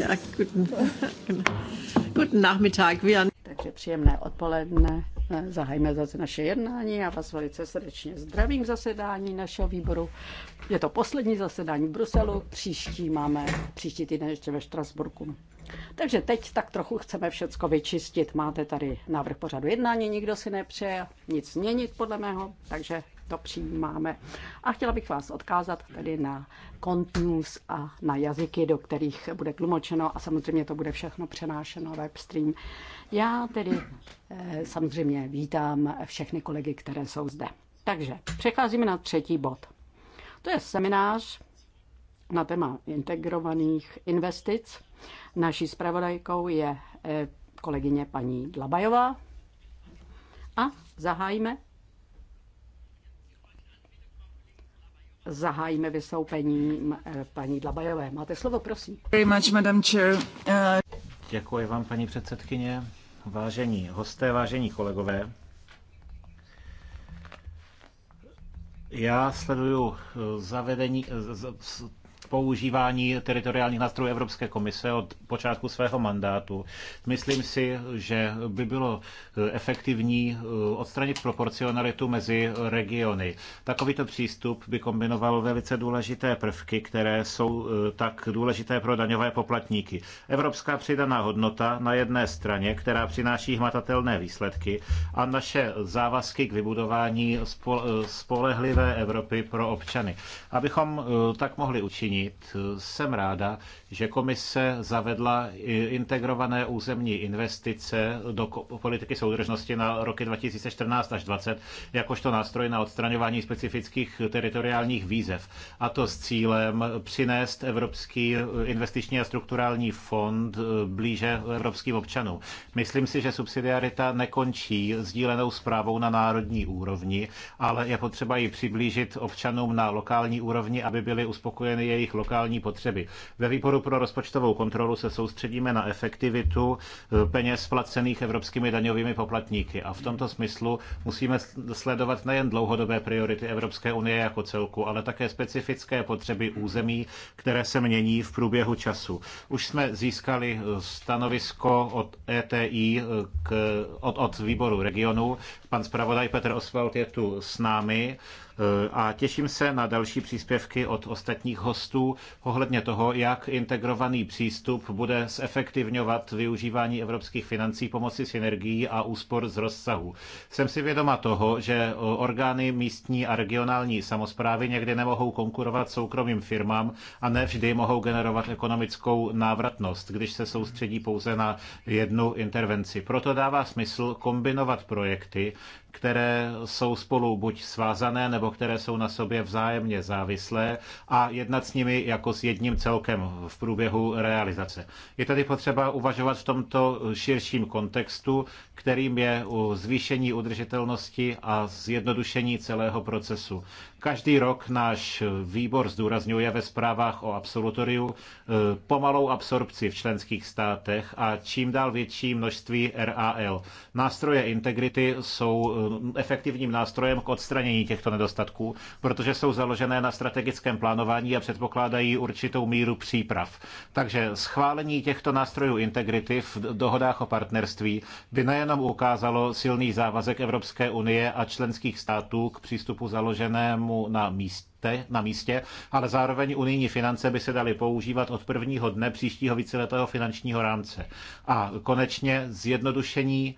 Ja, guten, guten Nachmittag. Wir... Takže příjemné odpoledne. Zahajme zase naše jednání. a vás velice srdečně zdravím v zasedání našeho výboru. Je to poslední zasedání v Bruselu. Příští máme, příští týden ještě ve Štrasburku. Takže teď tak trochu chceme všecko vyčistit. Máte tady návrh pořadu jednání, nikdo si nepřeje nic měnit podle mého, takže to přijímáme. A chtěla bych vás odkázat tedy na kontnews a na jazyky, do kterých bude tlumočeno a samozřejmě to bude všechno přenášeno webstream. Já tedy eh, samozřejmě vítám všechny kolegy, které jsou zde. Takže přecházíme na třetí bod. To je seminář na téma integrovaných investic. Naší zpravodajkou je eh, kolegyně paní Dlabajová a zahájíme zahájíme vysoupení eh, paní Dlabajové. Máte slovo, prosím. Very much, Madam Chair. Eh, Děkuji vám, paní předsedkyně. Vážení hosté, vážení kolegové, já sleduju eh, zavedení, používání teritoriálních nástrojů Evropské komise od počátku svého mandátu. Myslím si, že by bylo eh, efektivní eh, odstranit proporcionalitu mezi regiony. Takovýto přístup by kombinoval velice důležité prvky, které jsou eh, tak důležité pro daňové poplatníky. Evropská přidaná hodnota na jedné straně, která přináší hmatatelné výsledky a naše závazky k vybudování spolehlivé Evropy pro občany. Abychom tak mohli učinit, zmínit, jsem ráda, že komise zavedla integrované územní investice do politiky soudržnosti na roky 2014 až 2020 jakožto nástroj na odstraňování specifických teritoriálních výzev. A to s cílem přinést Evropský investiční a strukturální fond eh, blíže evropským občanům. Myslím si, že subsidiarita nekončí sdílenou zprávou na národní úrovni, ale je potřeba ji přiblížit občanům na lokální úrovni, aby byly uspokojeny jejich jejich lokální potřeby. Ve výboru pro rozpočtovou kontrolu se soustředíme na efektivitu eh, peněz placených evropskými daňovými poplatníky a v tomto smyslu musíme sledovat nejen dlouhodobé priority Evropské unie jako celku, ale také specifické potřeby území, které se mění v průběhu času. Už jsme získali eh, stanovisko od ETI eh, k, od, od výboru regionu. Pan zpravodaj Petr Oswald je tu s námi. A těším se na další příspěvky od ostatních hostů ohledně toho, jak integrovaný přístup bude zefektivňovat využívání evropských financí pomocí synergií a úspor z rozsahu. Jsem si vědoma toho, že orgány místní a regionální samozprávy někdy nemohou konkurovat soukromým firmám a nevždy mohou generovat ekonomickou návratnost, když se soustředí pouze na jednu intervenci. Proto dává smysl kombinovat projekty, které jsou spolu buď svázané nebo které jsou na sobě vzájemně závislé a jednat s nimi jako s jedním celkem v průběhu realizace. Je tady potřeba uvažovat v tomto širším kontextu, kterým je zvýšení udržitelnosti a zjednodušení celého procesu. Každý rok náš výbor zdůrazňuje ve zprávách o absolutoriu e, pomalou absorpci v členských státech a čím dál větší množství RAL. Nástroje integrity jsou e, efektivním nástrojem k odstranění těchto nedostatků, protože jsou založené na strategickém plánování a předpokládají určitou míru příprav. Takže schválení těchto nástrojů integrity v dohodách o partnerství by nejenom ukázalo silný závazek Evropské unie a členských států k přístupu založenému na místě, na místě, ale zároveň unijní finance by se daly používat od prvního dne příštího víceletého finančního rámce. A konečně zjednodušení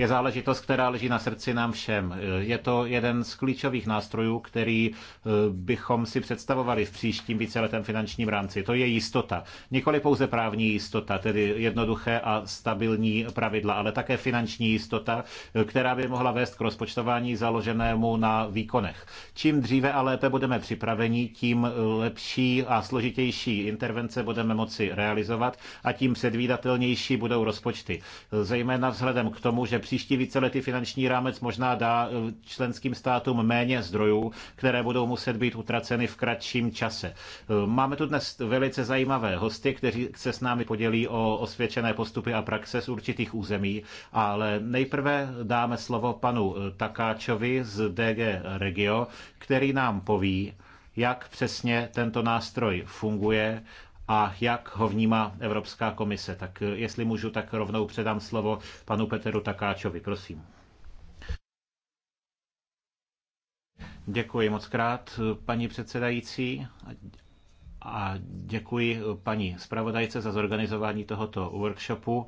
je záležitost, která leží na srdci nám všem. Je to jeden z klíčových nástrojů, který eh, bychom si představovali v příštím víceletém finančním rámci. To je jistota. Nikoli pouze právní jistota, tedy jednoduché a stabilní pravidla, ale také finanční jistota, eh, která by mohla vést k rozpočtování založenému na výkonech. Čím dříve a lépe budeme připraveni, tím eh, lepší a složitější intervence budeme moci realizovat a tím předvídatelnější budou rozpočty. Zejména vzhledem k tomu, že příští víceletý finanční rámec možná dá eh, členským státům méně zdrojů, které budou muset být utraceny v kratším čase. Eh, máme tu dnes velice zajímavé hosty, kteří se s námi podělí o osvědčené postupy a praxe z určitých území, ale nejprve dáme slovo panu eh, Takáčovi z DG Regio, který nám poví, jak přesně tento nástroj funguje a jak ho vnímá Evropská komise. Tak eh, jestli můžu, tak rovnou předám slovo panu Peteru Takáčovi, prosím. Děkuji moc krát, paní předsedající. A děkuji paní zpravodajce za zorganizování tohoto workshopu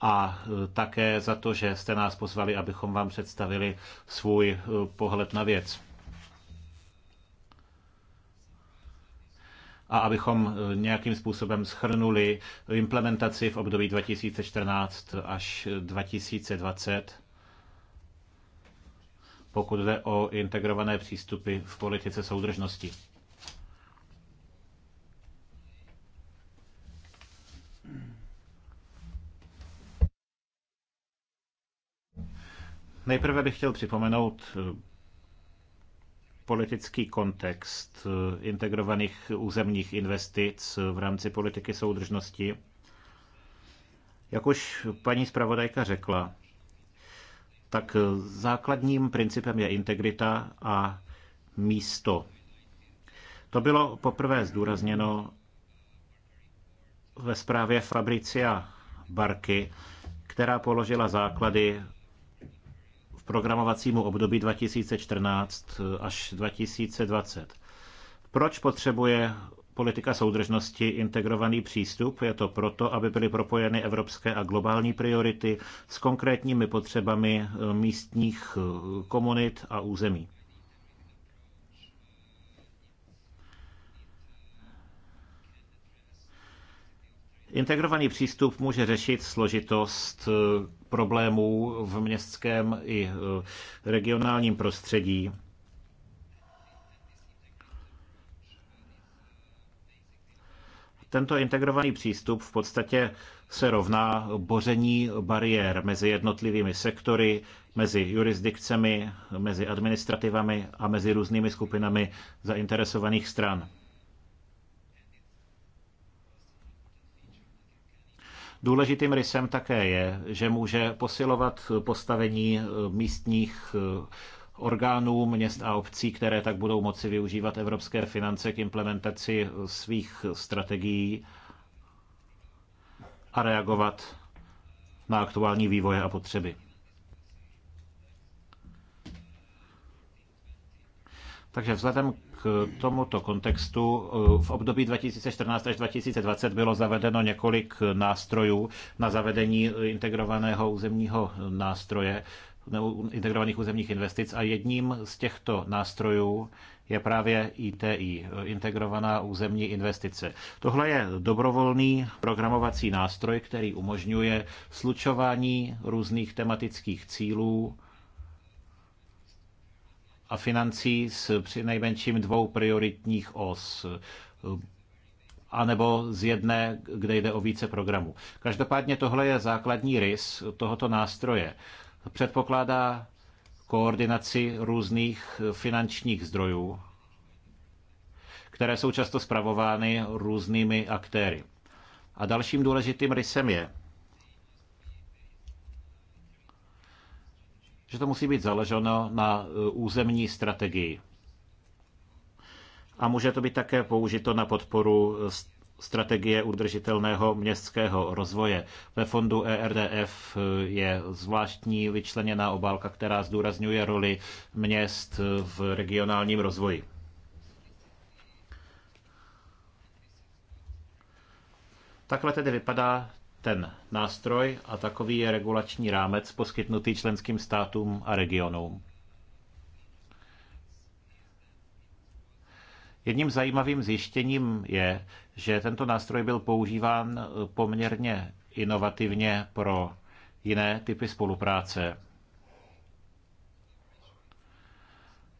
a eh, také za to, že jste nás pozvali, abychom vám představili svůj eh, pohled na věc. a abychom eh, nějakým způsobem schrnuli implementaci v období 2014 až 2020, pokud jde o integrované přístupy v politice soudržnosti. Nejprve bych chtěl připomenout eh, politický kontext eh, integrovaných územních investic v rámci politiky soudržnosti. Jak už paní zpravodajka řekla, tak základním principem je integrita a místo. To bylo poprvé zdůrazněno ve zprávě Fabricia Barky, která položila základy programovacímu období 2014 až 2020. Proč potřebuje politika soudržnosti integrovaný přístup? Je to proto, aby byly propojeny evropské a globální priority s konkrétními potřebami eh, místních eh, komunit a území. Integrovaný přístup může řešit složitost eh, problémů v městském i e, regionálním prostředí. Tento integrovaný přístup v podstatě se rovná boření bariér mezi jednotlivými sektory, mezi jurisdikcemi, mezi administrativami a mezi různými skupinami zainteresovaných stran. Důležitým rysem také je, že může posilovat postavení eh, místních eh, orgánů měst a obcí, které tak budou moci využívat evropské finance k implementaci eh, svých strategií a reagovat na aktuální vývoje a potřeby. Takže vzhledem k tomuto kontextu eh, v období 2014 až 2020 bylo zavedeno několik nástrojů na zavedení integrovaného územního nástroje, integrovaných územních investic a jedním z těchto nástrojů je právě ITI, eh, integrovaná územní investice. Tohle je dobrovolný programovací nástroj, který umožňuje slučování různých tematických cílů a financí s při nejmenším dvou prioritních os anebo z jedné, kde jde o více programů. Každopádně tohle je základní rys tohoto nástroje. Předpokládá koordinaci různých finančních zdrojů, které jsou často spravovány různými aktéry. A dalším důležitým rysem je, že to musí být založeno na eh, územní strategii. A může to být také použito na podporu eh, strategie udržitelného městského rozvoje. Ve fondu ERDF eh, je zvláštní vyčleněná obálka, která zdůrazňuje roli měst v regionálním rozvoji. Takhle tedy vypadá ten nástroj a takový je regulační rámec poskytnutý členským státům a regionům. Jedním zajímavým zjištěním je, že tento nástroj byl používán eh, poměrně inovativně pro jiné typy spolupráce.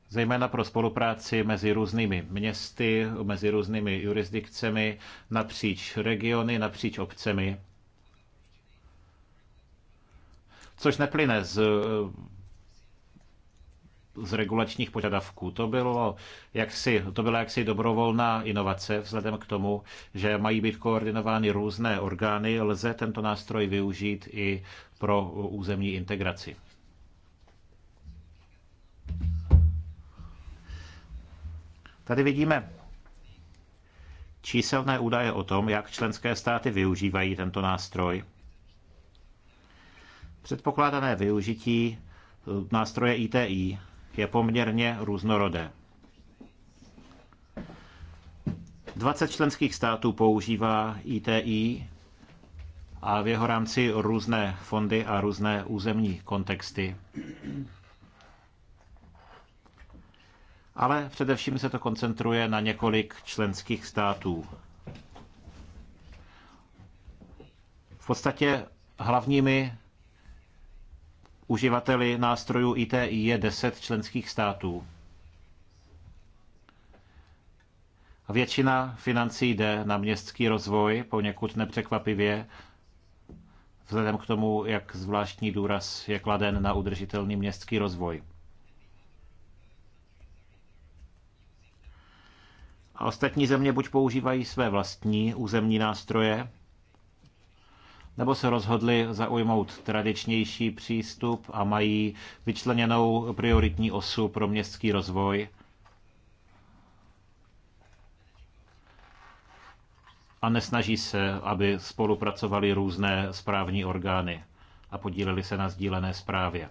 Zejména pro spolupráci mezi různými městy, mezi různými jurisdikcemi, napříč regiony, napříč obcemi. což neplyne z eh, z regulačních požadavků. To bylo jaksi, to byla jaksi dobrovolná inovace vzhledem k tomu, že mají být koordinovány různé orgány, lze tento nástroj využít i pro územní integraci. Tady vidíme číselné údaje o tom, jak členské státy využívají tento nástroj. Předpokládané využití eh, nástroje ITI je poměrně různorodé. 20 členských států používá ITI a v jeho rámci různé fondy a různé územní kontexty. Ale především se to koncentruje na několik členských států. V podstatě hlavními Uživateli nástrojů ITI je 10 členských států. Většina financí jde na městský rozvoj, poněkud nepřekvapivě, vzhledem k tomu, jak zvláštní důraz je kladen na udržitelný městský rozvoj. A ostatní země buď používají své vlastní územní nástroje, nebo se rozhodli zaujmout tradičnější přístup a mají vyčleněnou prioritní osu pro městský rozvoj. A nesnaží se, aby spolupracovali různé správní orgány a podíleli se na sdílené správě.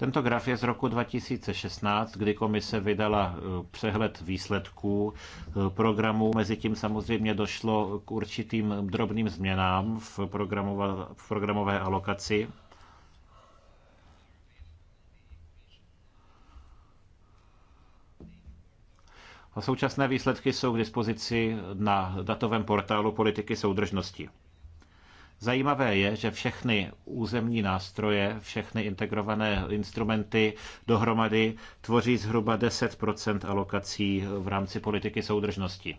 Tento graf je z roku 2016, kdy komise vydala eh, přehled výsledků eh, programu. Mezitím samozřejmě došlo k určitým drobným změnám v, programové, v programové alokaci. A současné výsledky jsou k dispozici na datovém portálu politiky soudržnosti. Zajímavé je, že všechny územní nástroje, všechny integrované instrumenty dohromady tvoří zhruba 10 alokací v rámci politiky soudržnosti.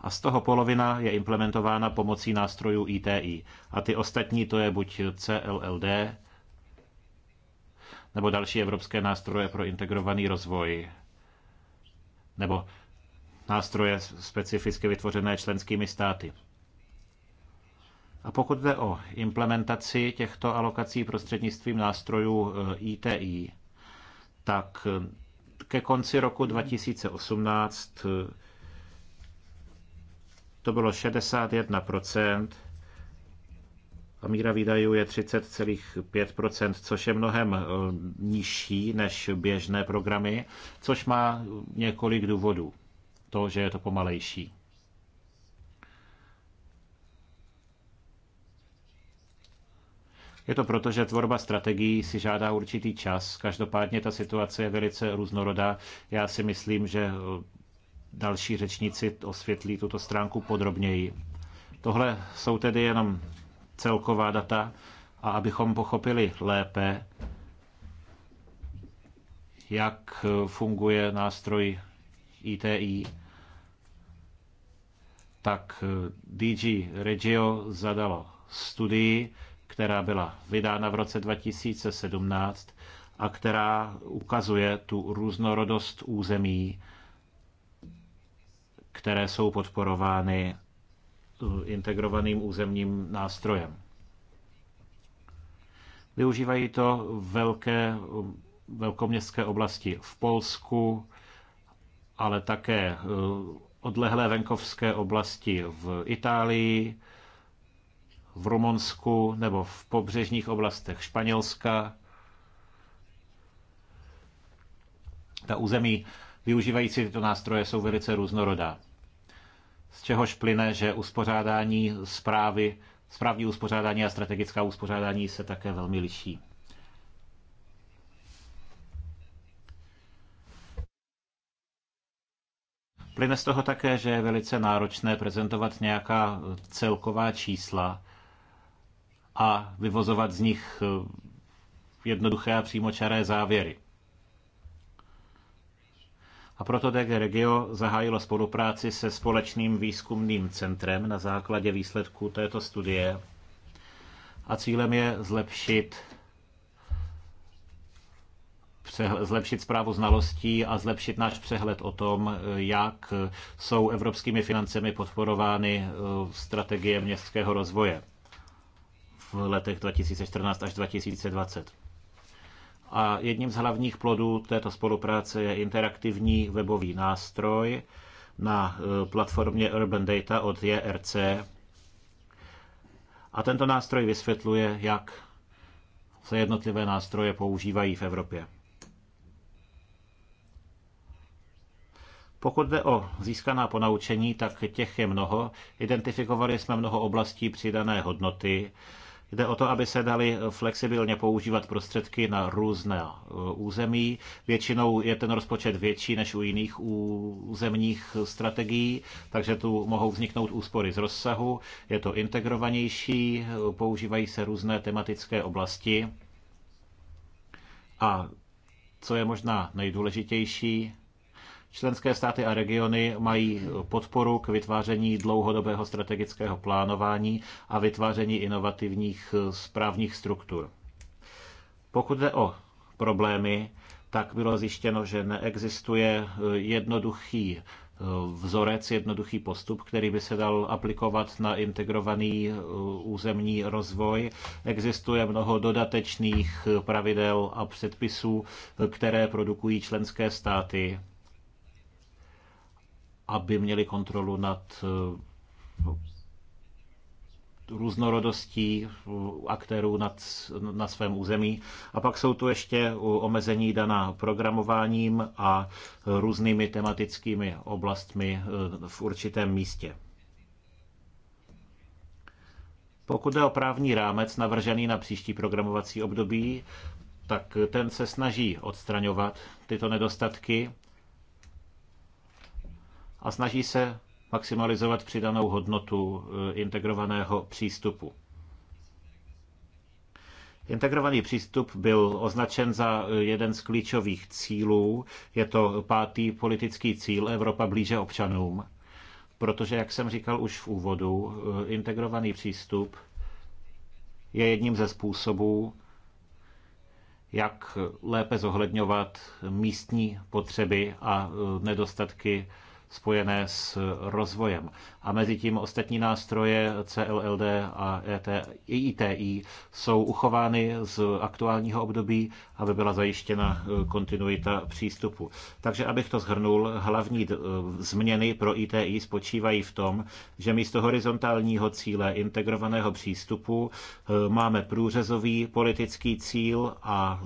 a z toho polovina je implementována pomocí nástrojů ITI. A ty ostatní to je buď CLLD nebo další evropské nástroje pro integrovaný rozvoj nebo nástroje specificky vytvořené členskými státy. A pokud jde o implementaci těchto alokací prostřednictvím nástrojů ITI, eh, tak eh, ke konci roku 2018 eh, to bylo 61% a míra výdajů je 30,5%, což je mnohem nižší než běžné programy, což má několik důvodů to, že je to pomalejší. Je to proto, že tvorba strategií si žádá určitý čas. Každopádně ta situace je velice různorodá. Já si myslím, že eh, další řečníci osvětlí tuto stránku podrobněji. Tohle jsou tedy jenom celková data a abychom pochopili lépe, jak eh, funguje nástroj ITI, tak eh, DG Regio zadalo studii, která byla vydána v roce 2017 a která ukazuje tu různorodost území, které jsou podporovány eh, integrovaným územním nástrojem. Využívají to velké eh, velkoměstské oblasti v Polsku, ale také eh, odlehlé venkovské oblasti v Itálii, v Rumunsku nebo v pobřežních oblastech Španělska. Ta území využívající tyto nástroje jsou velice různorodá. Z čehož plyne, že uspořádání zprávy, správní uspořádání a strategická uspořádání se také velmi liší. Plyne z toho také, že je velice náročné prezentovat nějaká celková čísla a vyvozovat z nich eh, jednoduché a přímočaré závěry. A proto DG Regio zahájilo spolupráci se společným výzkumným centrem na základě výsledků této studie a cílem je zlepšit zlepšit zprávu znalostí a zlepšit náš přehled o tom, jak jsou evropskými financemi podporovány eh, strategie městského rozvoje v letech 2014 až 2020. A jedním z hlavních plodů této spolupráce je interaktivní webový nástroj na eh, platformě Urban Data od JRC. A tento nástroj vysvětluje, jak se jednotlivé nástroje používají v Evropě. Pokud jde o získaná ponaučení, tak těch je mnoho. Identifikovali jsme mnoho oblastí přidané hodnoty. Jde o to, aby se dali flexibilně používat prostředky na různé e, území. Většinou je ten rozpočet větší než u jiných územních strategií, takže tu mohou vzniknout úspory z rozsahu. Je to integrovanější, e, používají se různé tematické oblasti. A co je možná nejdůležitější, Členské státy a regiony mají podporu k vytváření dlouhodobého strategického plánování a vytváření inovativních eh, správních struktur. Pokud jde o problémy, tak bylo zjištěno, že neexistuje eh, jednoduchý eh, vzorec, jednoduchý postup, který by se dal aplikovat na integrovaný územní rozvoj. Existuje mnoho dodatečných pravidel a předpisů, které produkují členské státy aby měli kontrolu nad eh, různorodostí aktérů nad, na svém území. A pak jsou tu ještě omezení daná programováním a různými tematickými oblastmi eh, v určitém místě. Pokud jde o právní rámec navržený na příští programovací období, tak ten se snaží odstraňovat tyto nedostatky a snaží se maximalizovat přidanou hodnotu eh, integrovaného přístupu. Integrovaný přístup byl označen za eh, jeden z klíčových cílů. Je to pátý politický cíl Evropa blíže občanům, protože, jak jsem říkal už v úvodu, eh, integrovaný přístup je jedním ze způsobů, jak lépe zohledňovat místní potřeby a nedostatky spojené s rozvojem. A mezi tím ostatní nástroje CLLD a ITI e jsou uchovány z aktuálního období, aby byla zajištěna eh, kontinuita přístupu. Takže abych to zhrnul, hlavní eh, změny pro ITI e spočívají v tom, že místo horizontálního cíle integrovaného přístupu eh, máme průřezový politický cíl a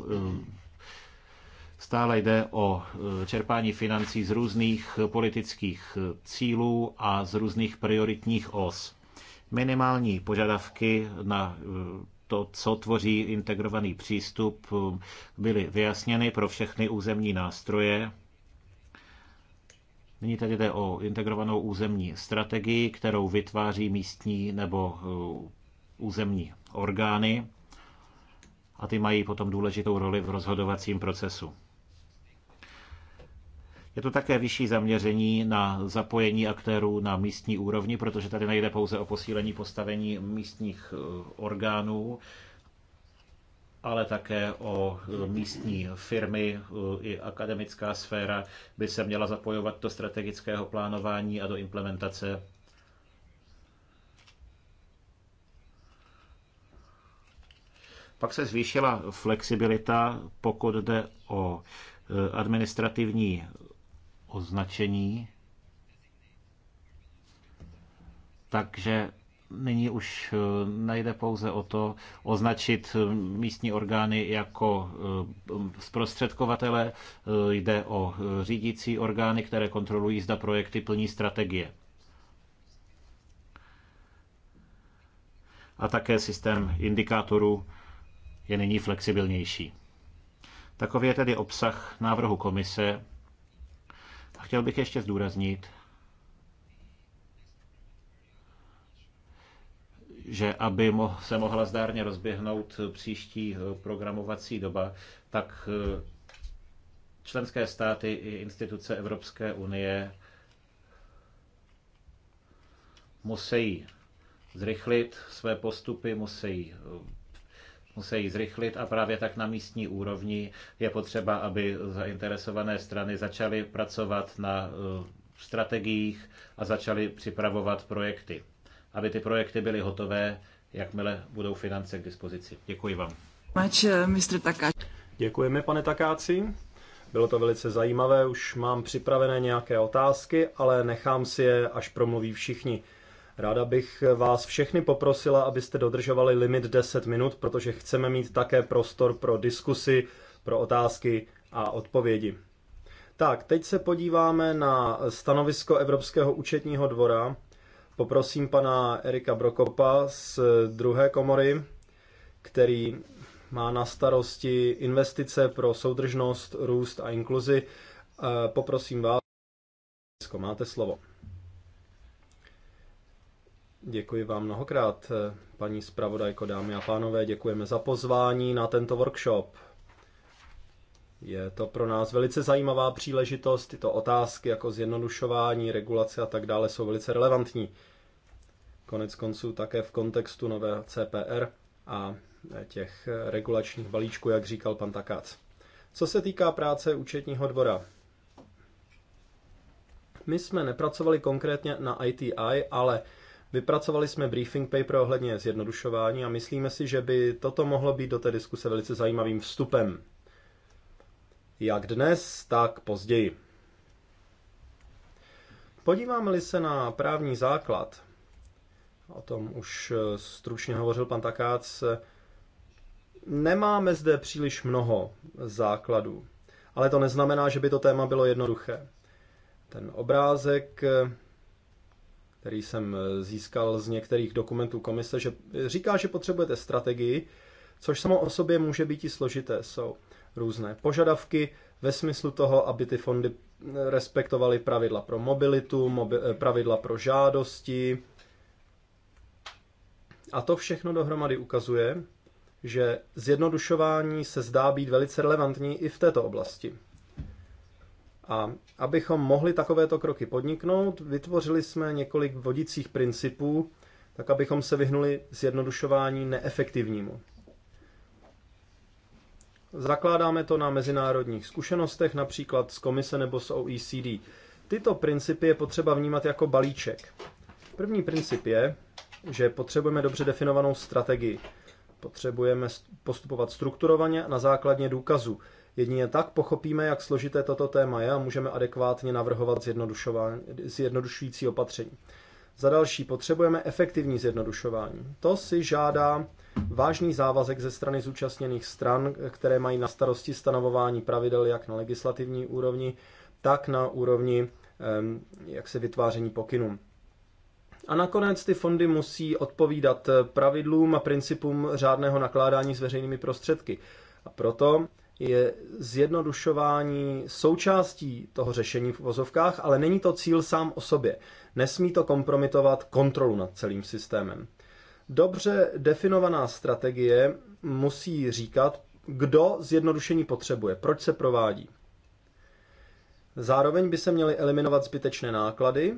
Stále jde o e, čerpání financí z různých e, politických e, cílů a z různých prioritních os. Minimální požadavky na to, co tvoří integrovaný přístup, byly vyjasněny pro všechny územní nástroje. Nyní tady jde o integrovanou územní strategii, kterou vytváří místní nebo územní orgány a ty mají potom důležitou roli v rozhodovacím procesu. Je to také vyšší zaměření na zapojení aktérů na místní úrovni, protože tady nejde pouze o posílení postavení místních eh, orgánů, ale také o eh, místní firmy eh, i akademická sféra by se měla zapojovat do strategického plánování a do implementace. Pak se zvýšila flexibilita, pokud jde o administrativní označení. Takže nyní už eh, nejde pouze o to označit eh, místní orgány jako eh, zprostředkovatele, jde o řídící orgány, které kontrolují, zda projekty plní strategie. A také systém indikátorů je nyní flexibilnější. Takový je tedy obsah návrhu komise, Chtěl bych ještě zdůraznit, že aby se mohla zdárně rozběhnout příští eh, programovací doba, tak eh, členské státy i instituce Evropské unie musí zrychlit své postupy, musí eh, musí zrychlit a právě tak na místní úrovni je potřeba, aby zainteresované strany začaly pracovat na eh, strategiích a začaly připravovat projekty. Aby ty projekty byly hotové, jakmile budou finance k dispozici. Děkuji vám. Mač, eh, mistr Takáč. Děkujeme, pane Takáci. Bylo to velice zajímavé, už mám připravené nějaké otázky, ale nechám si je, až promluví všichni. Ráda bych vás všechny poprosila, abyste dodržovali limit 10 minut, protože chceme mít také prostor pro diskusy, pro otázky a odpovědi. Tak, teď se podíváme na stanovisko Evropského účetního dvora. Poprosím pana Erika Brokopa z druhé komory, který má na starosti investice pro soudržnost, růst a inkluzi. Eh, poprosím vás, máte slovo. Děkuji vám mnohokrát, paní zpravodajko, dámy a pánové. Děkujeme za pozvání na tento workshop. Je to pro nás velice zajímavá příležitost. Tyto otázky jako zjednodušování, regulace a tak dále jsou velice relevantní. Konec konců také v kontextu nového CPR a těch regulačních balíčků, jak říkal pan Takác. Co se týká práce účetního dvora, my jsme nepracovali konkrétně na ITI, ale Vypracovali jsme briefing paper ohledně zjednodušování a myslíme si, že by toto mohlo být do té diskuse velice zajímavým vstupem. Jak dnes, tak později. Podíváme-li se na právní základ, o tom už eh, stručně hovořil pan Takác, nemáme zde příliš mnoho základů, ale to neznamená, že by to téma bylo jednoduché. Ten obrázek eh, který jsem eh, získal z některých dokumentů komise, že říká, že potřebujete strategii, což samo o sobě může být i složité. Jsou různé požadavky ve smyslu toho, aby ty fondy eh, respektovaly pravidla pro mobilitu, mobi eh, pravidla pro žádosti. A to všechno dohromady ukazuje, že zjednodušování se zdá být velice relevantní i v této oblasti. A abychom mohli takovéto kroky podniknout, vytvořili jsme několik vodicích principů, tak abychom se vyhnuli zjednodušování neefektivnímu. Zakládáme to na mezinárodních zkušenostech, například z komise nebo z OECD. Tyto principy je potřeba vnímat jako balíček. První princip je, že potřebujeme dobře definovanou strategii. Potřebujeme postupovat strukturovaně na základě důkazu. Jedině tak pochopíme, jak složité toto téma je a můžeme adekvátně navrhovat zjednodušující opatření. Za další, potřebujeme efektivní zjednodušování. To si žádá vážný závazek ze strany zúčastněných stran, které mají na starosti stanovování pravidel jak na legislativní úrovni, tak na úrovni jak se vytváření pokynů. A nakonec ty fondy musí odpovídat pravidlům a principům řádného nakládání s veřejnými prostředky. A proto je zjednodušování součástí toho řešení v uvozovkách, ale není to cíl sám o sobě. Nesmí to kompromitovat kontrolu nad celým systémem. Dobře definovaná strategie musí říkat, kdo zjednodušení potřebuje, proč se provádí. Zároveň by se měly eliminovat zbytečné náklady,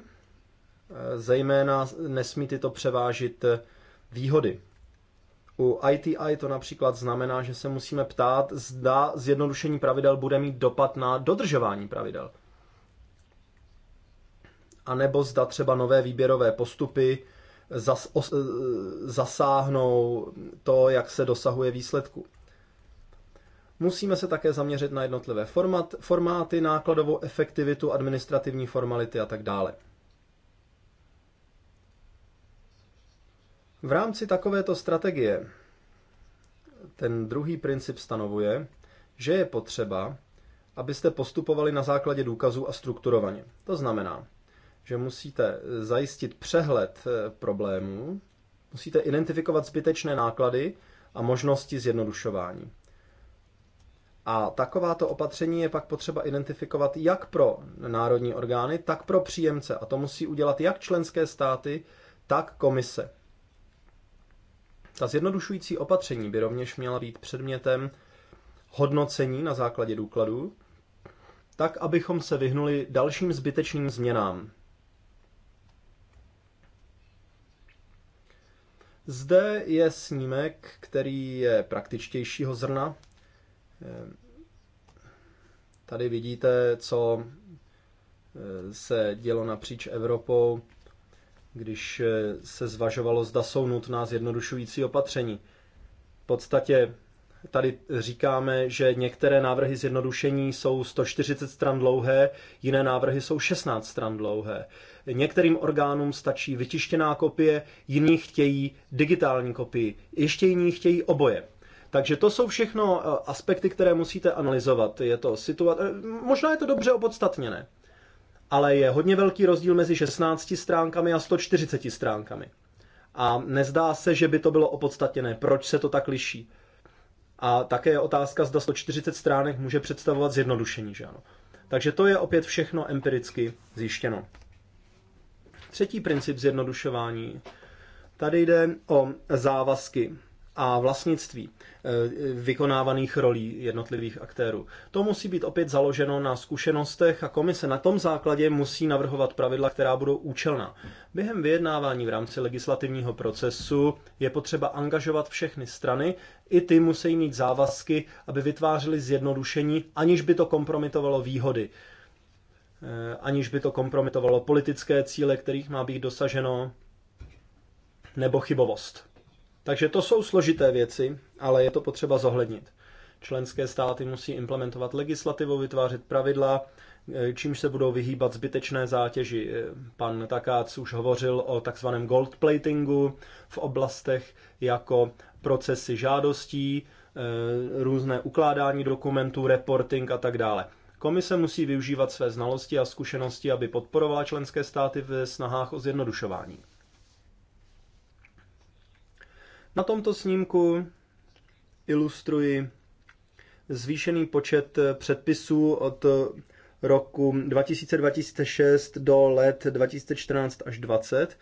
e, zejména nesmí tyto převážit výhody u ITI to například znamená, že se musíme ptát, zda zjednodušení pravidel bude mít dopad na dodržování pravidel. A nebo zda třeba nové výběrové postupy zas, os, eh, zasáhnou to, jak se dosahuje výsledku. Musíme se také zaměřit na jednotlivé format, formáty, nákladovou efektivitu, administrativní formality a tak dále. V rámci takovéto strategie ten druhý princip stanovuje, že je potřeba, abyste postupovali na základě důkazů a strukturovaně. To znamená, že musíte zajistit přehled eh, problémů, musíte identifikovat zbytečné náklady a možnosti zjednodušování. A takováto opatření je pak potřeba identifikovat jak pro národní orgány, tak pro příjemce. A to musí udělat jak členské státy, tak komise. Ta zjednodušující opatření by rovněž měla být předmětem hodnocení na základě důkladů, tak abychom se vyhnuli dalším zbytečným změnám. Zde je snímek, který je praktičtějšího zrna. Tady vidíte, co eh, se dělo napříč Evropou když eh, se zvažovalo, zda jsou nutná zjednodušující opatření. V podstatě tady říkáme, že některé návrhy zjednodušení jsou 140 stran dlouhé, jiné návrhy jsou 16 stran dlouhé. Některým orgánům stačí vytištěná kopie, jiní chtějí digitální kopii, ještě jiní chtějí oboje. Takže to jsou všechno eh, aspekty, které musíte analyzovat. Je to situace, eh, možná je to dobře opodstatněné ale je hodně velký rozdíl mezi 16 stránkami a 140 stránkami. A nezdá se, že by to bylo opodstatněné. Proč se to tak liší? A také je otázka, zda 140 stránek může představovat zjednodušení, že ano. Takže to je opět všechno empiricky zjištěno. Třetí princip zjednodušování. Tady jde o závazky a vlastnictví eh, vykonávaných rolí jednotlivých aktérů. To musí být opět založeno na zkušenostech a komise na tom základě musí navrhovat pravidla, která budou účelná. Během vyjednávání v rámci legislativního procesu je potřeba angažovat všechny strany, i ty musí mít závazky, aby vytvářely zjednodušení, aniž by to kompromitovalo výhody eh, aniž by to kompromitovalo politické cíle, kterých má být dosaženo, nebo chybovost. Takže to jsou složité věci, ale je to potřeba zohlednit. Členské státy musí implementovat legislativu, vytvářet pravidla, e, čímž se budou vyhýbat zbytečné zátěži. E, Pan Takác už hovořil o takzvaném gold platingu v oblastech jako procesy žádostí, e, různé ukládání dokumentů, reporting a tak dále. Komise musí využívat své znalosti a zkušenosti, aby podporovala členské státy ve snahách o zjednodušování. Na tomto snímku ilustruji zvýšený počet předpisů od roku 2000-2006 do let 2014 až 20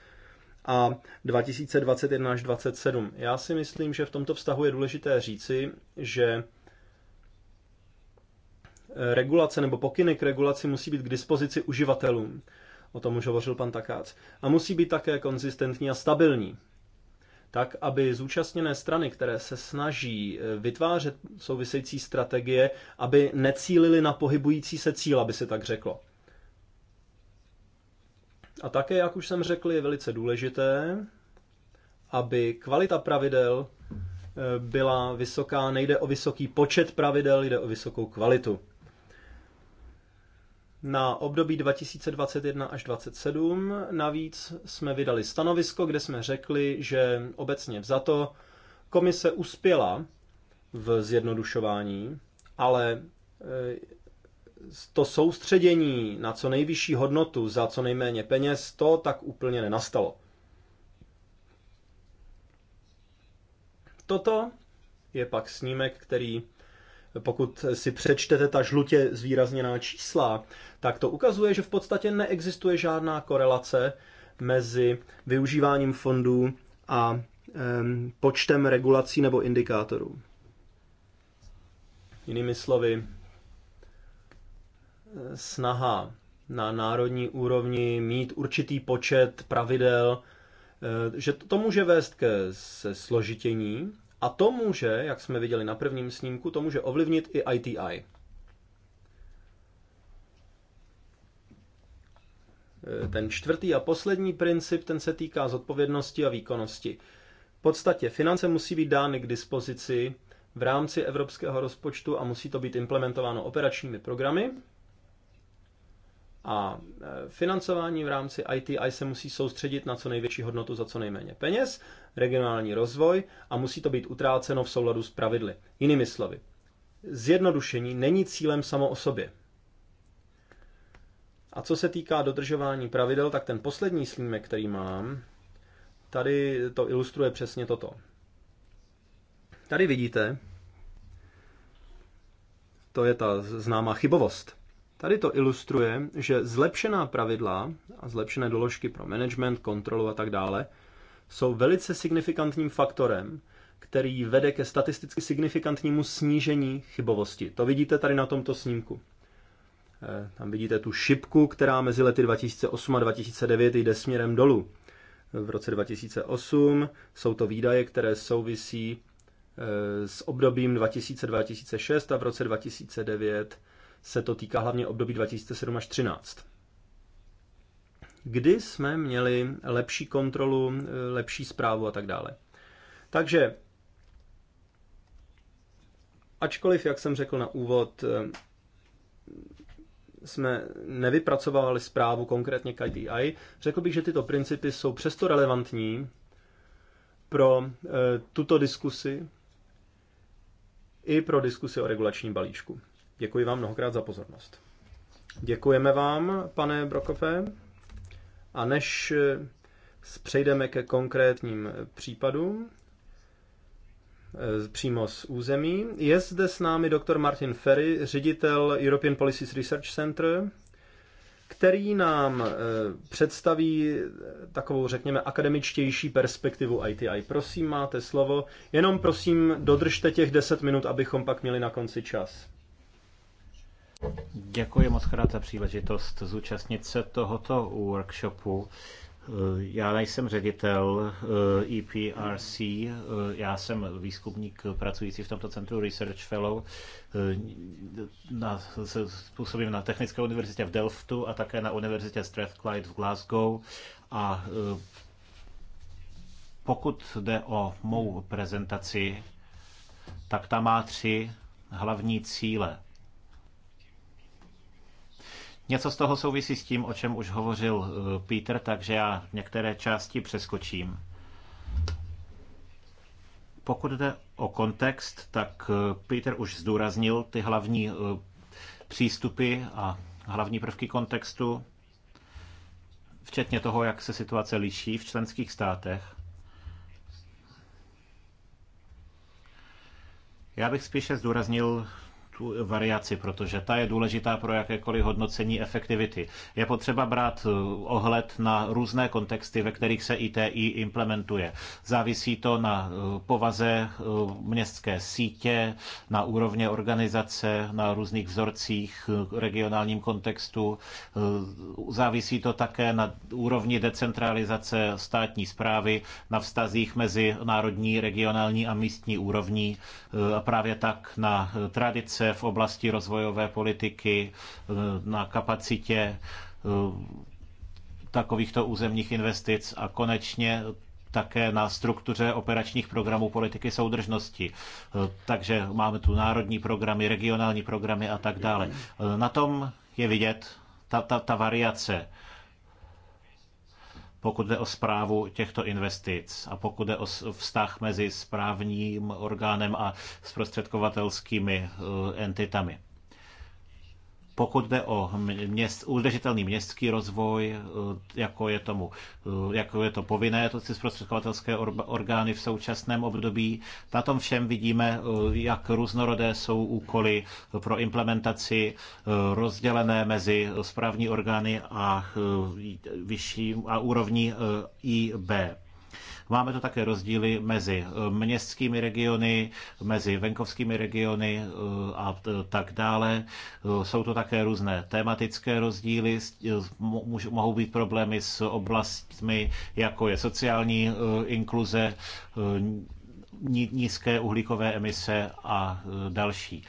a 2021 až 27. Já si myslím, že v tomto vztahu je důležité říci, že regulace nebo pokyny k regulaci musí být k dispozici uživatelům. O tom už hovořil pan Takác. A musí být také konzistentní a stabilní tak aby zúčastněné strany, které se snaží eh, vytvářet související strategie, aby necílili na pohybující se cíl, aby se tak řeklo. A také, jak už jsem řekl, je velice důležité, aby kvalita pravidel eh, byla vysoká. Nejde o vysoký počet pravidel, jde o vysokou kvalitu na období 2021 až 2027. Navíc jsme vydali stanovisko, kde jsme řekli, že obecně vzato komise uspěla v zjednodušování, ale e, to soustředění na co nejvyšší hodnotu za co nejméně peněz, to tak úplně nenastalo. Toto je pak snímek, který pokud si přečtete ta žlutě zvýrazněná čísla, tak to ukazuje, že v podstatě neexistuje žádná korelace mezi využíváním fondů a počtem regulací nebo indikátorů. Jinými slovy, snaha na národní úrovni mít určitý počet pravidel, eh, že to může vést ke složitění a to může, jak jsme viděli na prvním snímku, to může ovlivnit i ITI. E, ten čtvrtý a poslední princip, ten se týká zodpovědnosti a výkonnosti. V podstatě finance musí být dány k dispozici v rámci evropského rozpočtu a musí to být implementováno operačními programy, a e, financování v rámci ITI se musí soustředit na co největší hodnotu za co nejméně peněz, regionální rozvoj a musí to být utráceno v souladu s pravidly. Jinými slovy, zjednodušení není cílem samo o sobě. A co se týká dodržování pravidel, tak ten poslední snímek, který mám, tady to ilustruje přesně toto. Tady vidíte, to je ta známá chybovost. Tady to ilustruje, že zlepšená pravidla a zlepšené doložky pro management, kontrolu a tak dále jsou velice signifikantním faktorem, který vede ke statisticky signifikantnímu snížení chybovosti. To vidíte tady na tomto snímku. Eh, tam vidíte tu šipku, která mezi lety 2008 a 2009 jde směrem dolů. V roce 2008 jsou to výdaje, které souvisí eh, s obdobím 2000-2006 a v roce 2009 se to týká hlavně období 2007 až 2013. Kdy jsme měli lepší kontrolu, eh, lepší zprávu a tak dále. Takže, ačkoliv, jak jsem řekl na úvod, eh, jsme nevypracovali zprávu konkrétně KDI, řekl bych, že tyto principy jsou přesto relevantní pro eh, tuto diskusi i pro diskusi o regulačním balíčku. Děkuji vám mnohokrát za pozornost. Děkujeme vám, pane Brokofe. A než eh, přejdeme ke konkrétním případům, eh, přímo z území. Je zde s námi doktor Martin Ferry, ředitel European Policies Research Center, který nám eh, představí takovou, řekněme, akademičtější perspektivu ITI. Prosím, máte slovo. Jenom prosím, dodržte těch 10 minut, abychom pak měli na konci čas. Děkuji moc krát za příležitost zúčastnit se tohoto workshopu. Eh, já nejsem ředitel EPRC, eh, e eh, já jsem výzkumník pracující v tomto centru Research Fellow. Na, se způsobím na Technické univerzitě v Delftu a také na univerzitě Strathclyde v Glasgow. A pokud jde o mou prezentaci, tak ta má tři hlavní cíle. Něco z toho souvisí s tím, o čem už hovořil eh, Peter, takže já některé části přeskočím. Pokud jde o kontext, tak eh, Peter už zdůraznil ty hlavní eh, přístupy a hlavní prvky kontextu, včetně toho, jak se situace liší v členských státech. Já bych spíše zdůraznil tu variaci, protože ta je důležitá pro jakékoliv hodnocení efektivity. Je potřeba brát eh, ohled na různé kontexty, ve kterých se ITI implementuje. Závisí to na eh, povaze eh, městské sítě, na úrovně organizace, na různých vzorcích, regionálním kontextu. Závisí to také na úrovni decentralizace státní zprávy, na vztazích mezi národní, regionální a místní úrovní a právě tak na tradice práce v oblasti rozvojové politiky, eh, na kapacitě eh, takovýchto územních investic a konečně také na struktuře operačních programů politiky soudržnosti. Eh, takže máme tu národní programy, regionální programy a tak dále. Na tom je vidět ta, ta, ta variace pokud jde o zprávu těchto investic a pokud jde o vztah mezi správním orgánem a zprostředkovatelskými eh, entitami pokud jde o měst, udržitelný městský rozvoj, eh, jako je, tomu, eh, jako je to povinné, to si zprostředkovatelské orgány v současném období, na tom všem vidíme, eh, jak různorodé jsou úkoly pro implementaci rozdělené mezi správní orgány a, vyšší, a úrovní IB. Máme tu také rozdíly mezi eh, městskými regiony, mezi venkovskými regiony eh, a tak dále. Eh, jsou to také různé tematické rozdíly, mohou být problémy s oblastmi, jako je sociální inkluze, nízké uhlíkové emise a další.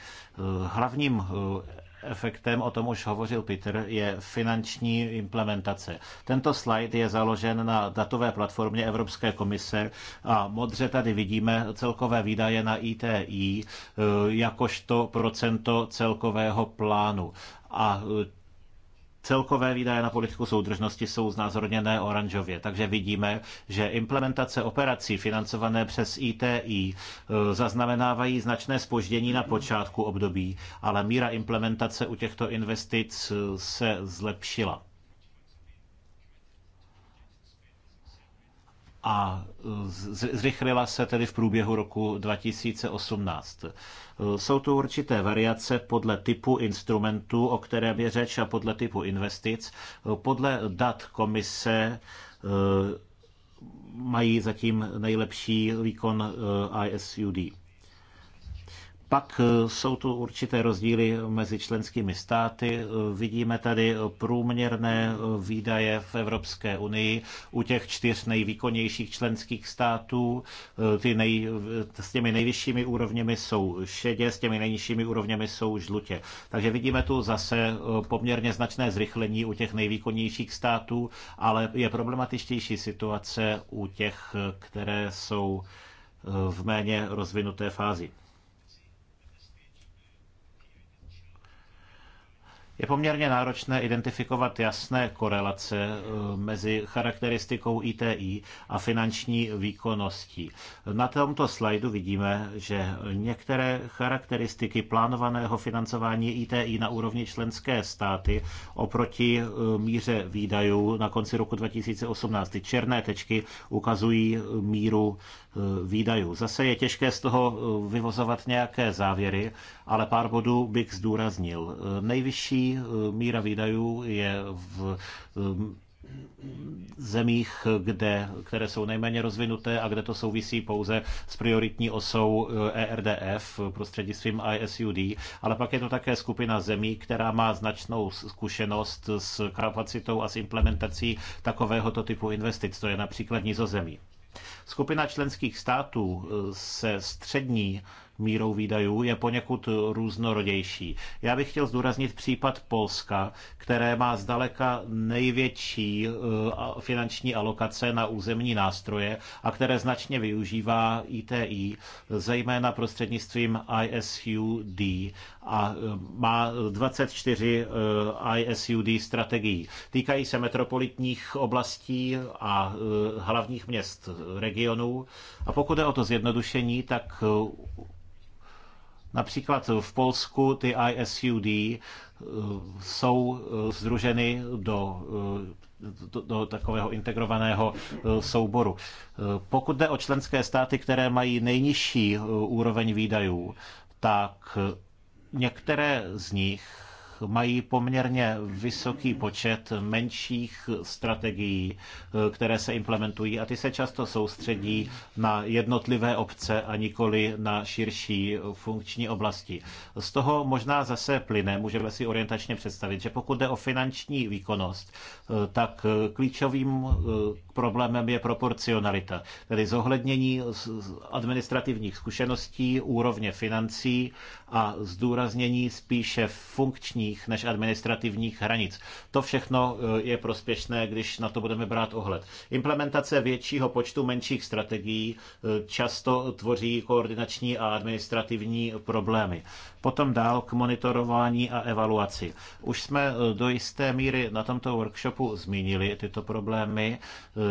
Hlavním efektem, o tom už hovořil Peter, je finanční implementace. Tento slide je založen na datové platformě Evropské komise a modře tady vidíme celkové výdaje na ITI eh, jakožto procento celkového plánu. A eh, Celkové výdaje na politiku soudržnosti jsou znázorněné oranžově, takže vidíme, že implementace operací financované přes ITI e, zaznamenávají značné spoždění na počátku období, ale míra implementace u těchto investic e, se zlepšila. a e, zrychlila se tedy v průběhu roku 2018. E, jsou tu určité variace podle typu instrumentů, o kterém je řeč, a podle typu investic. E, podle dat komise mají zatím nejlepší výkon ISUD. Pak eh, jsou tu určité rozdíly mezi členskými státy. Eh, vidíme tady průměrné eh, výdaje v Evropské unii u těch čtyř nejvýkonnějších členských států. Ty nej, s těmi nejvyššími úrovněmi jsou šedě, s těmi nejnižšími úrovněmi jsou žlutě. Takže vidíme tu zase poměrně značné zrychlení u těch nejvýkonnějších států, ale je problematičtější situace u těch, které jsou v méně rozvinuté fázi. Je poměrně náročné identifikovat jasné korelace eh, mezi charakteristikou ITI a finanční výkonností. Na tomto slajdu vidíme, že některé charakteristiky plánovaného financování ITI na úrovni členské státy oproti eh, míře výdajů na konci roku 2018, ty černé tečky ukazují eh, míru výdajů. Zase je těžké z toho vyvozovat nějaké závěry, ale pár bodů bych zdůraznil. Nejvyšší Eh, míra výdajů je v eh, zemích, kde, které jsou nejméně rozvinuté a kde to souvisí pouze s prioritní osou ERDF eh, e prostřednictvím ISUD, ale pak je to také skupina zemí, která má značnou zkušenost s kapacitou a s implementací takovéhoto typu investic, to je například Nizozemí. Skupina členských států se střední mírou výdajů, je poněkud různorodější. Já bych chtěl zdůraznit případ Polska, které má zdaleka největší eh, finanční alokace na územní nástroje a které značně využívá ITI, zejména prostřednictvím ISUD a eh, má 24 eh, ISUD strategií. Týkají se metropolitních oblastí a hlavních měst regionů. A pokud je o to zjednodušení, tak Například v Polsku ty ISUD eh, jsou eh, združeny do, eh, do, do takového integrovaného souboru. Pokud jde o členské státy, které mají nejnižší úroveň výdajů, tak některé z nich mají poměrně vysoký počet menších strategií, eh, které se implementují a ty se často soustředí na jednotlivé obce a nikoli na širší funkční oblasti. Z toho možná zase plyne, můžeme si orientačně představit, že pokud jde o finanční výkonnost, eh, tak eh, klíčovým problémem je proporcionalita, tedy zohlednění administrativních zkušeností, úrovně financí a zdůraznění spíše funkční právních než administrativních hranic. To všechno eh, je prospěšné, když na to budeme brát ohled. Implementace většího počtu menších strategií eh, často tvoří koordinační a administrativní problémy. Potom dál k monitorování a evaluaci. Už jsme eh, do jisté míry na tomto workshopu zmínili tyto problémy.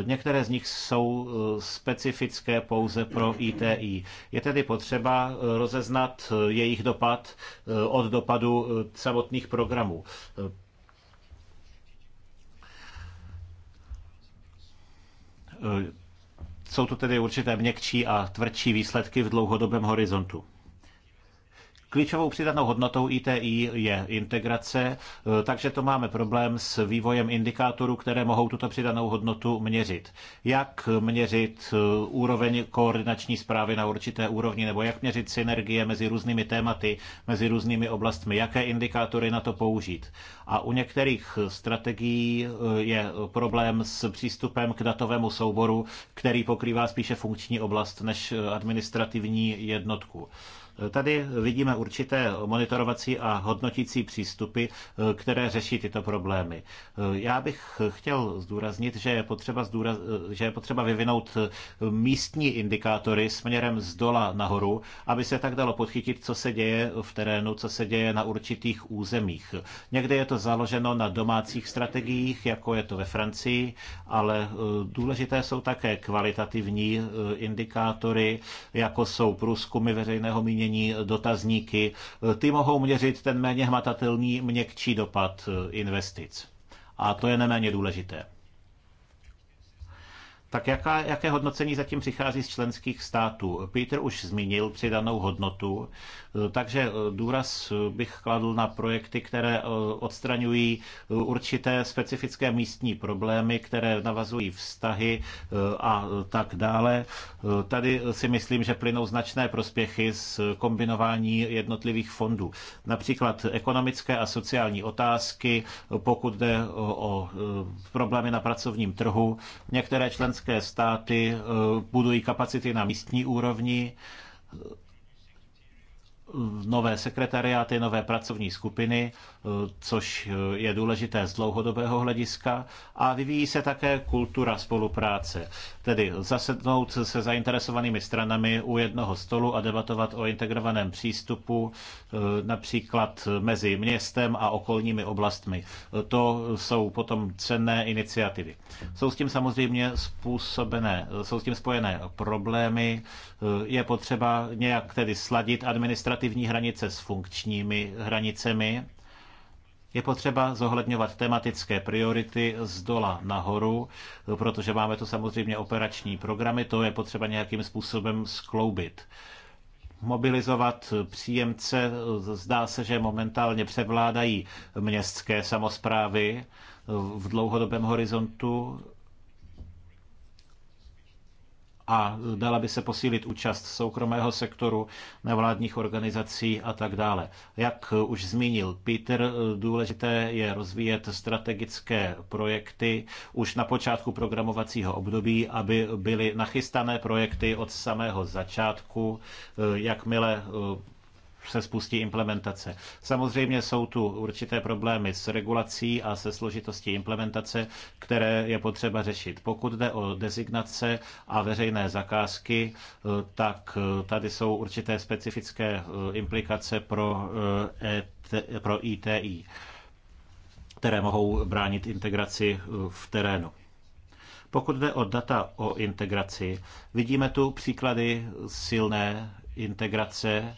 Některé z nich jsou specifické pouze pro ITI. Je tedy potřeba rozeznat jejich dopad od dopadu samotných jejich programů. E, e, jsou to tedy určité měkčí a tvrdší výsledky v dlouhodobém horizontu. Klíčovou přidanou hodnotou ITI je integrace, eh, takže to máme problém s vývojem indikátorů, které mohou tuto přidanou hodnotu měřit. Jak měřit eh, úroveň koordinační zprávy na určité úrovni, nebo jak měřit synergie mezi různými tématy, mezi různými oblastmi, jaké indikátory na to použít. A u některých strategií eh, je problém s přístupem k datovému souboru, který pokrývá spíše funkční oblast než administrativní jednotku. Tady vidíme určité monitorovací a hodnotící přístupy, eh, které řeší tyto problémy. Eh, já bych chtěl zdůraznit, že je potřeba, zdůraz, eh, že je potřeba vyvinout místní indikátory směrem z dola nahoru, aby se tak dalo podchytit, co se děje v terénu, co se děje na určitých územích. Někde je to založeno na domácích strategiích, jako je to ve Francii, ale důležité jsou také kvalitativní indikátory, jako jsou průzkumy veřejného mínění, mění dotazníky, ty mohou měřit ten méně hmatatelný měkčí dopad eh, investic. A to je neméně důležité. Tak jaká, jaké hodnocení zatím přichází z členských států? Peter už zmínil přidanou hodnotu. Takže eh, důraz eh, bych kladl na projekty, které eh, odstraňují určité specifické místní problémy, které navazují vztahy a tak dále. Tady si myslím, že plynou značné prospěchy z kombinování jednotlivých fondů. Například ekonomické a sociální otázky, pokud jde o problémy na pracovním trhu. Některé členské státy budují kapacity na místní úrovni nové sekretariáty, nové pracovní skupiny což je důležité z dlouhodobého hlediska, a vyvíjí se také kultura spolupráce, tedy zasednout se zainteresovanými stranami u jednoho stolu a debatovat o integrovaném přístupu e, například mezi městem a okolními oblastmi. To jsou potom cenné iniciativy. Jsou s tím samozřejmě způsobené, jsou s tím spojené problémy, e, je potřeba nějak tedy sladit administrativní hranice s funkčními hranicemi, je potřeba zohledňovat tematické priority z dola nahoru, protože máme to samozřejmě operační programy, to je potřeba nějakým způsobem skloubit mobilizovat příjemce. Zdá se, že momentálně převládají městské samozprávy v dlouhodobém horizontu a dala by se posílit účast soukromého sektoru, nevládních organizací a tak dále. Jak už zmínil Peter, důležité je rozvíjet strategické projekty už na počátku programovacího období, aby byly nachystané projekty od samého začátku, eh, jakmile eh, se spustí implementace. Samozřejmě jsou tu určité problémy s regulací a se složitostí implementace, které je potřeba řešit. Pokud jde o designace a veřejné zakázky, eh, tak eh, tady jsou určité specifické eh, implikace pro, ET, e pro ITI, které mohou bránit integraci v terénu. Pokud jde o data o integraci, vidíme tu příklady silné integrace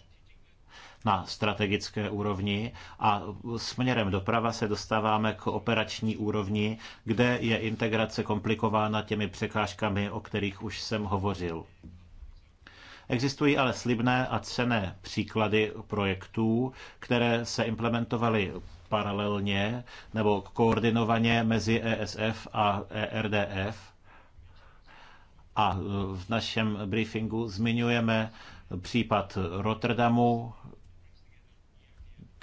na strategické úrovni a směrem doprava se dostáváme k operační úrovni, kde je integrace komplikována těmi překážkami, o kterých už jsem hovořil. Existují ale slibné a cené příklady projektů, které se implementovaly paralelně nebo koordinovaně mezi ESF a ERDF. A v našem briefingu zmiňujeme případ Rotterdamu,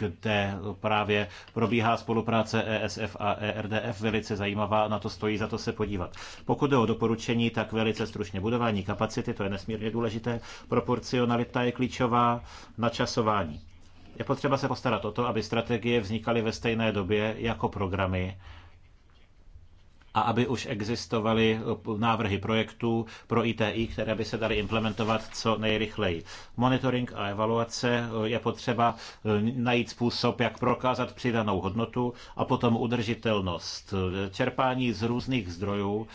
kde právě probíhá spolupráce ESF a ERDF velice zajímavá, na to stojí za to se podívat. Pokud jde o doporučení, tak velice stručně budování kapacity, to je nesmírně důležité, proporcionalita je klíčová, načasování. Je potřeba se postarat o to, aby strategie vznikaly ve stejné době jako programy a aby už existovaly eh, návrhy projektů pro ITI, které by se daly implementovat co nejrychleji. Monitoring a evaluace eh, je potřeba eh, najít způsob, jak prokázat přidanou hodnotu a potom udržitelnost. Čerpání z různých zdrojů,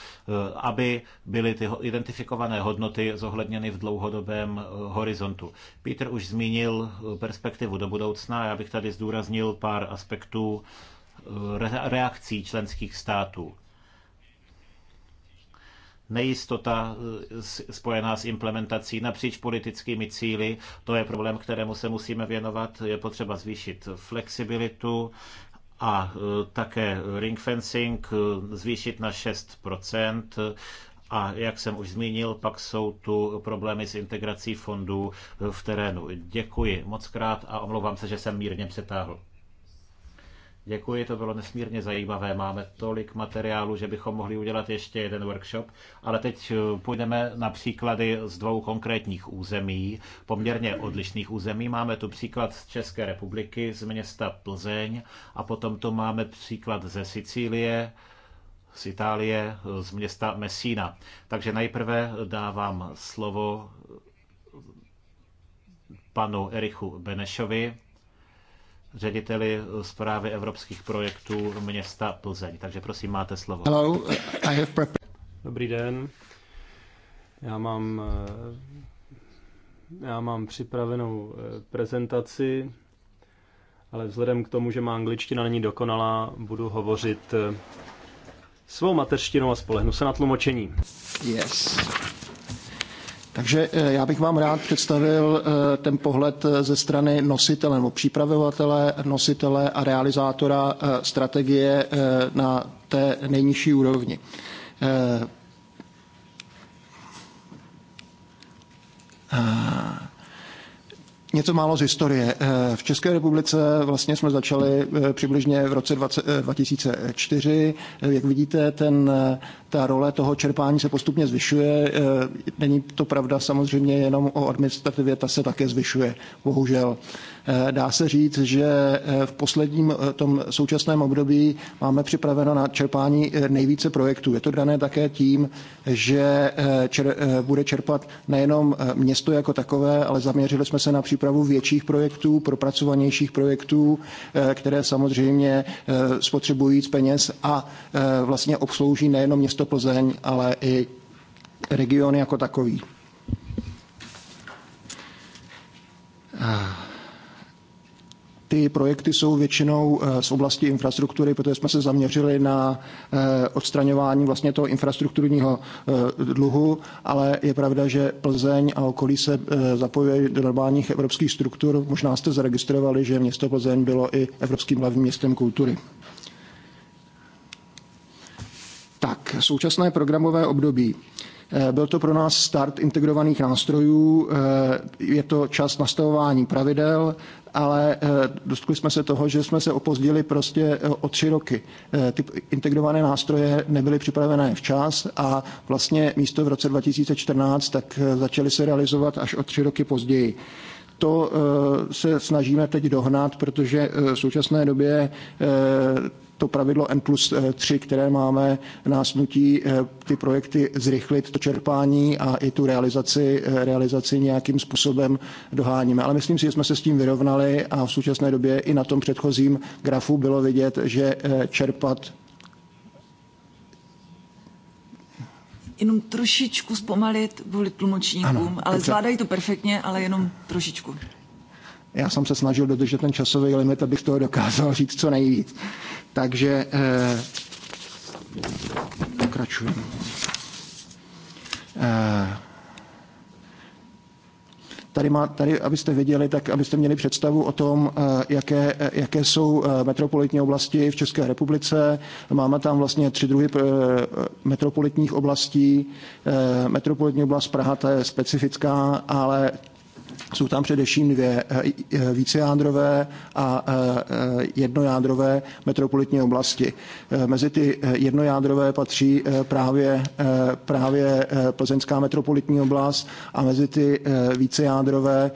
aby byly ty identifikované hodnoty zohledněny v dlouhodobém horizontu. Peter už zmínil perspektivu do budoucna, já bych tady zdůraznil pár aspektů reakcí členských států nejistota eh, spojená s implementací napříč politickými cíly. To je problém, kterému se musíme věnovat. Je potřeba zvýšit flexibilitu a eh, také ring fencing eh, zvýšit na 6 a jak jsem už zmínil, pak jsou tu problémy s integrací fondů v terénu. Děkuji moc krát a omlouvám se, že jsem mírně přetáhl. Děkuji, to bylo nesmírně zajímavé. Máme tolik materiálu, že bychom mohli udělat ještě jeden workshop, ale teď eh, půjdeme na příklady z dvou konkrétních území, poměrně odlišných území. Máme tu příklad z České republiky, z města Plzeň a potom tu máme příklad ze Sicílie, z Itálie, eh, z města Messina. Takže nejprve dávám slovo panu Erichu Benešovi, řediteli zprávy evropských projektů města Plzeň. Takže prosím, máte slovo. Hello, I have prepared... Dobrý den. Já mám, já mám připravenou eh, prezentaci, ale vzhledem k tomu, že má angličtina není dokonalá, budu hovořit eh, svou mateřštinou a spolehnu se na tlumočení. Yes. Takže eh, já bych vám rád představil eh, ten pohled eh, ze strany nositele nebo připravovatele, nositele a realizátora strategie na té nejnižší úrovni. Uh, Něco málo z historie. Eh, v České republice vlastně jsme začali eh, přibližně v roce 2004. Eh, jak vidíte, ten, ta role toho čerpání se postupně zvyšuje. Není to pravda samozřejmě jenom o administrativě, ta se také zvyšuje, bohužel. Eh, dá se říct, že eh, v posledním eh, tom současném období máme připraveno na čerpání nejvíce projektů. Je to dané také tím, že čer, bude čerpat nejenom město jako takové, ale zaměřili jsme se na přípravu větších projektů, propracovanějších projektů, které samozřejmě spotřebují z peněz a vlastně obslouží nejenom město Plzeň, ale i region jako takový. Ty projekty jsou většinou eh, z oblasti infrastruktury, protože jsme se zaměřili na eh, odstraňování vlastně toho infrastrukturního eh, dluhu, ale je pravda, že Plzeň a okolí se zapojuje do normálních evropských struktur. Možná jste zaregistrovali, že město Plzeň bylo i Evropským hlavním městem kultury. Tak, současné programové období. Eh, byl to pro nás start integrovaných nástrojů, eh, je to čas nastavování pravidel, ale eh, dostali jsme se toho, že jsme se opozdili prostě o tři roky. Ty integrované nástroje nebyly připravené včas a vlastně místo v roce 2014 tak začaly se realizovat až o tři roky později. To se snažíme teď dohnat, protože v současné době to pravidlo N plus 3, eh, které máme, nás nutí eh, ty projekty zrychlit, to čerpání a i tu realizaci, eh, realizaci nějakým způsobem doháníme. Ale myslím si, že jsme se s tím vyrovnali a v současné době i na tom předchozím grafu bylo vidět, že čerpat jenom trošičku zpomalit kvůli tlumočníkům, ano, ale dobře. zvládají to perfektně, ale jenom trošičku. Já jsem se snažil dodržet ten časový limit, abych toho dokázal říct co nejvíc. Takže eh, pokračujeme. Eh, Tady, má, tady, abyste věděli, tak abyste měli představu o tom, eh, jaké, eh, jaké jsou eh, metropolitní oblasti v České republice. Máme tam vlastně tři druhy metropolitních oblastí. Metropolitní oblast Praha, ta je specifická, ale jsou tam především dvě eh, eh, vícejádrové a eh, jednojádrové metropolitní oblasti. Mezi ty jednojádrové patří právě, právě plzeňská metropolitní oblast a mezi ty vícejádrové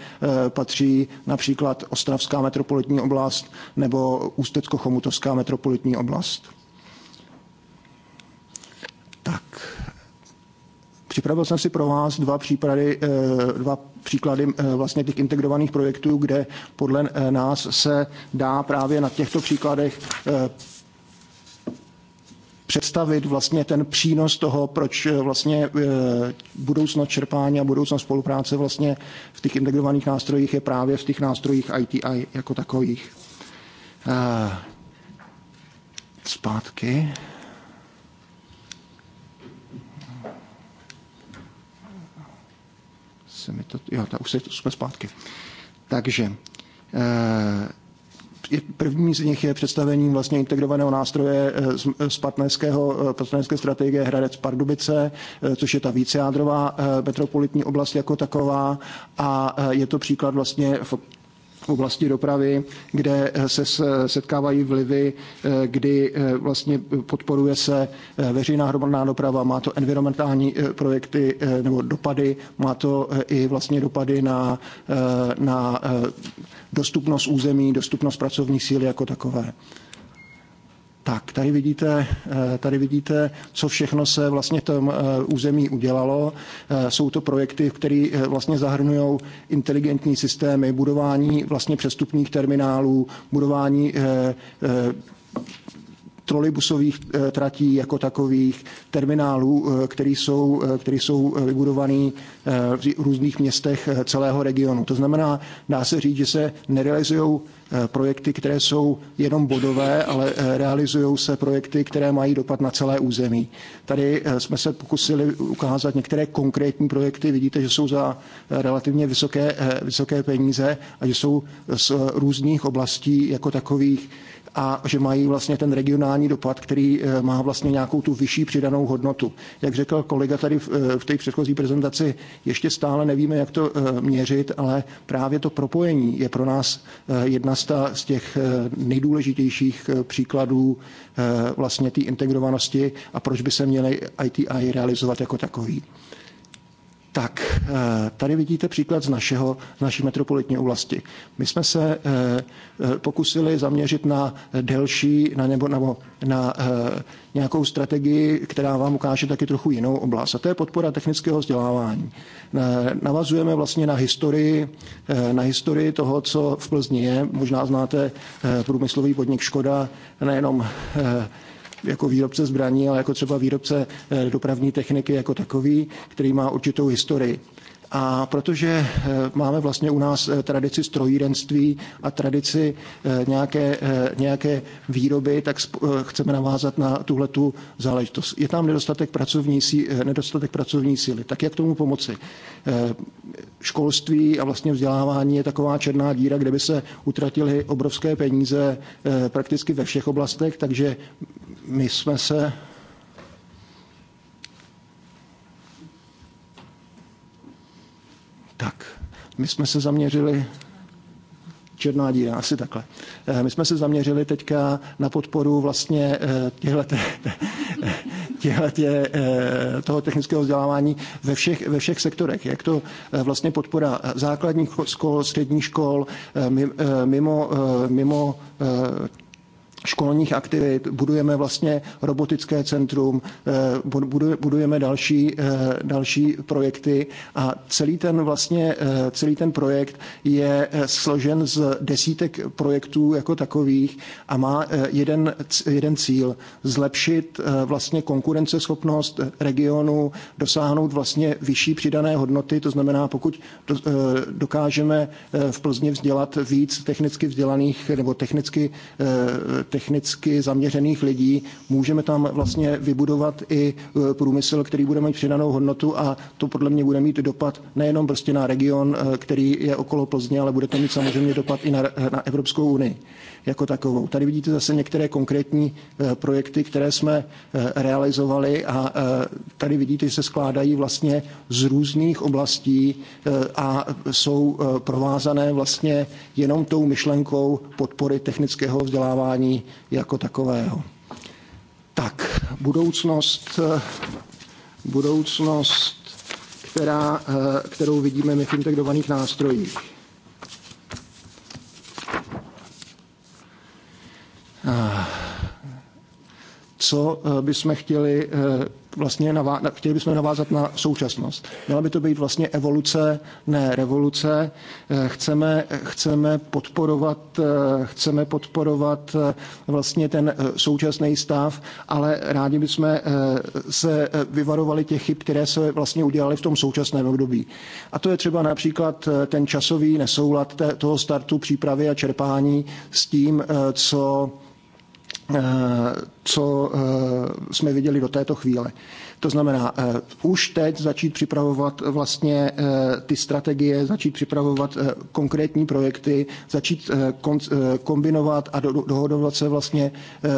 patří například Ostravská metropolitní oblast nebo Ústecko-Chomutovská metropolitní oblast. Tak. Připravil jsem si pro vás dva, případy, eh, dva příklady eh, vlastně těch integrovaných projektů, kde podle eh, nás se dá právě na těchto příkladech představit vlastně ten přínos toho, proč vlastně budoucnost čerpání a budoucnost spolupráce vlastně v těch integrovaných nástrojích je právě v těch nástrojích ITI jako takových. Zpátky. se mi to, jo, ta, už se, jsme zpátky. Takže eh, první z nich je představení vlastně integrovaného nástroje eh, z partnerského, eh, partnerské strategie Hradec Pardubice, což je ta vícejádrová metropolitní oblast jako taková a je to příklad vlastně v oblasti dopravy, kde eh, se eh, setkávají vlivy, eh, kdy vlastně podporuje se veřejná hromadná doprava, má to environmentální projekty nebo dopady, má to i vlastně dopady na, na dostupnost území, dostupnost pracovní síly jako takové. Tak, tady vidíte, eh, tady vidíte, co všechno se vlastně v tom eh, území udělalo. Eh, jsou to projekty, které vlastně zahrnují inteligentní systémy, budování vlastně přestupních terminálů, budování trolejbusových eh, tratí jako takových, terminálů, které eh, jsou, který jsou eh, vybudované v různých městech celého regionu. To znamená, dá se říct, že se nerealizují projekty, které jsou jenom bodové, ale realizují se projekty, které mají dopad na celé území. Tady jsme se pokusili ukázat některé konkrétní projekty. Vidíte, že jsou za relativně vysoké, vysoké peníze a že jsou z různých oblastí jako takových a že mají vlastně ten regionální dopad, který eh, má vlastně nějakou tu vyšší přidanou hodnotu. Jak řekl kolega tady v eh, té předchozí prezentaci, ještě stále nevíme, jak to eh, měřit, ale právě to propojení je pro nás jedna z těch nejdůležitějších příkladů vlastně té integrovanosti a proč by se měly ITI realizovat jako takový tak eh, tady vidíte příklad z, našeho, z naší metropolitní oblasti. My jsme se eh, eh, pokusili zaměřit na delší, na, nebo, nebo na nějakou strategii, která vám ukáže taky trochu jinou oblast. A to je podpora technického vzdělávání. Navazujeme vlastně na historii, na historii toho, co v Plzni je. Možná znáte průmyslový podnik Škoda, nejenom jako výrobce zbraní, ale jako třeba výrobce eh, dopravní techniky jako takový, který má určitou historii. A protože eh, máme vlastně u nás eh, tradici strojírenství a tradici eh, nějaké, nějaké výroby, tak chceme navázat na tuhle tu záležitost. Je tam nedostatek pracovní, nedostatek pracovní síly. Tak jak tomu pomoci? Školství a vlastně vzdělávání je taková černá díra, kde by se utratily obrovské peníze prakticky ve všech oblastech, takže my jsme se Tak, my jsme se zaměřili černá díra, asi takhle. Eh, my jsme se zaměřili teďka na podporu vlastně eh, těhleté, těhletě, eh, toho technického vzdělávání ve všech, ve všech sektorech. Jak to vlastně podpora základních škol, středních škol, mimo, mimo školních aktivit, budujeme vlastně robotické centrum, eh, budujeme další, eh, další projekty a celý ten vlastně, eh, celý ten projekt je složen z desítek projektů jako takových a má jeden, jeden cíl, zlepšit vlastně konkurenceschopnost regionu, dosáhnout vlastně vyšší přidané hodnoty, to znamená, pokud dokážeme v Plzni vzdělat víc technicky vzdělaných nebo technicky technicky zaměřených lidí. Můžeme tam vlastně vybudovat i e, průmysl, který bude mít přidanou hodnotu a to podle mě bude mít dopad nejenom prostě na region, e, který je okolo Plzně, ale bude to mít samozřejmě dopad i na, e, na Evropskou unii jako takovou. Tady vidíte zase některé konkrétní eh, projekty, které jsme eh, realizovali a eh, tady vidíte, že se skládají vlastně z různých oblastí a jsou provázané vlastně jenom tou myšlenkou podpory technického vzdělávání jako takového. Tak, budoucnost, budoucnost která, kterou vidíme my v integrovaných nástrojích. co eh, bychom chtěli eh, vlastně navá- chtěli bychom navázat na současnost. Měla by to být vlastně evoluce, ne revoluce. Eh, chceme, chceme podporovat, chceme podporovat vlastně ten současný stav, ale rádi bychom se vyvarovali těch chyb, které se vlastně udělaly v tom současném období. A to je třeba například ten časový nesoulad toho startu přípravy a čerpání s tím, co Eh, co eh, jsme viděli do této chvíle. To znamená, eh, už teď začít připravovat vlastně ty strategie, začít připravovat konkrétní projekty, začít kombinovat a dohodovat se vlastně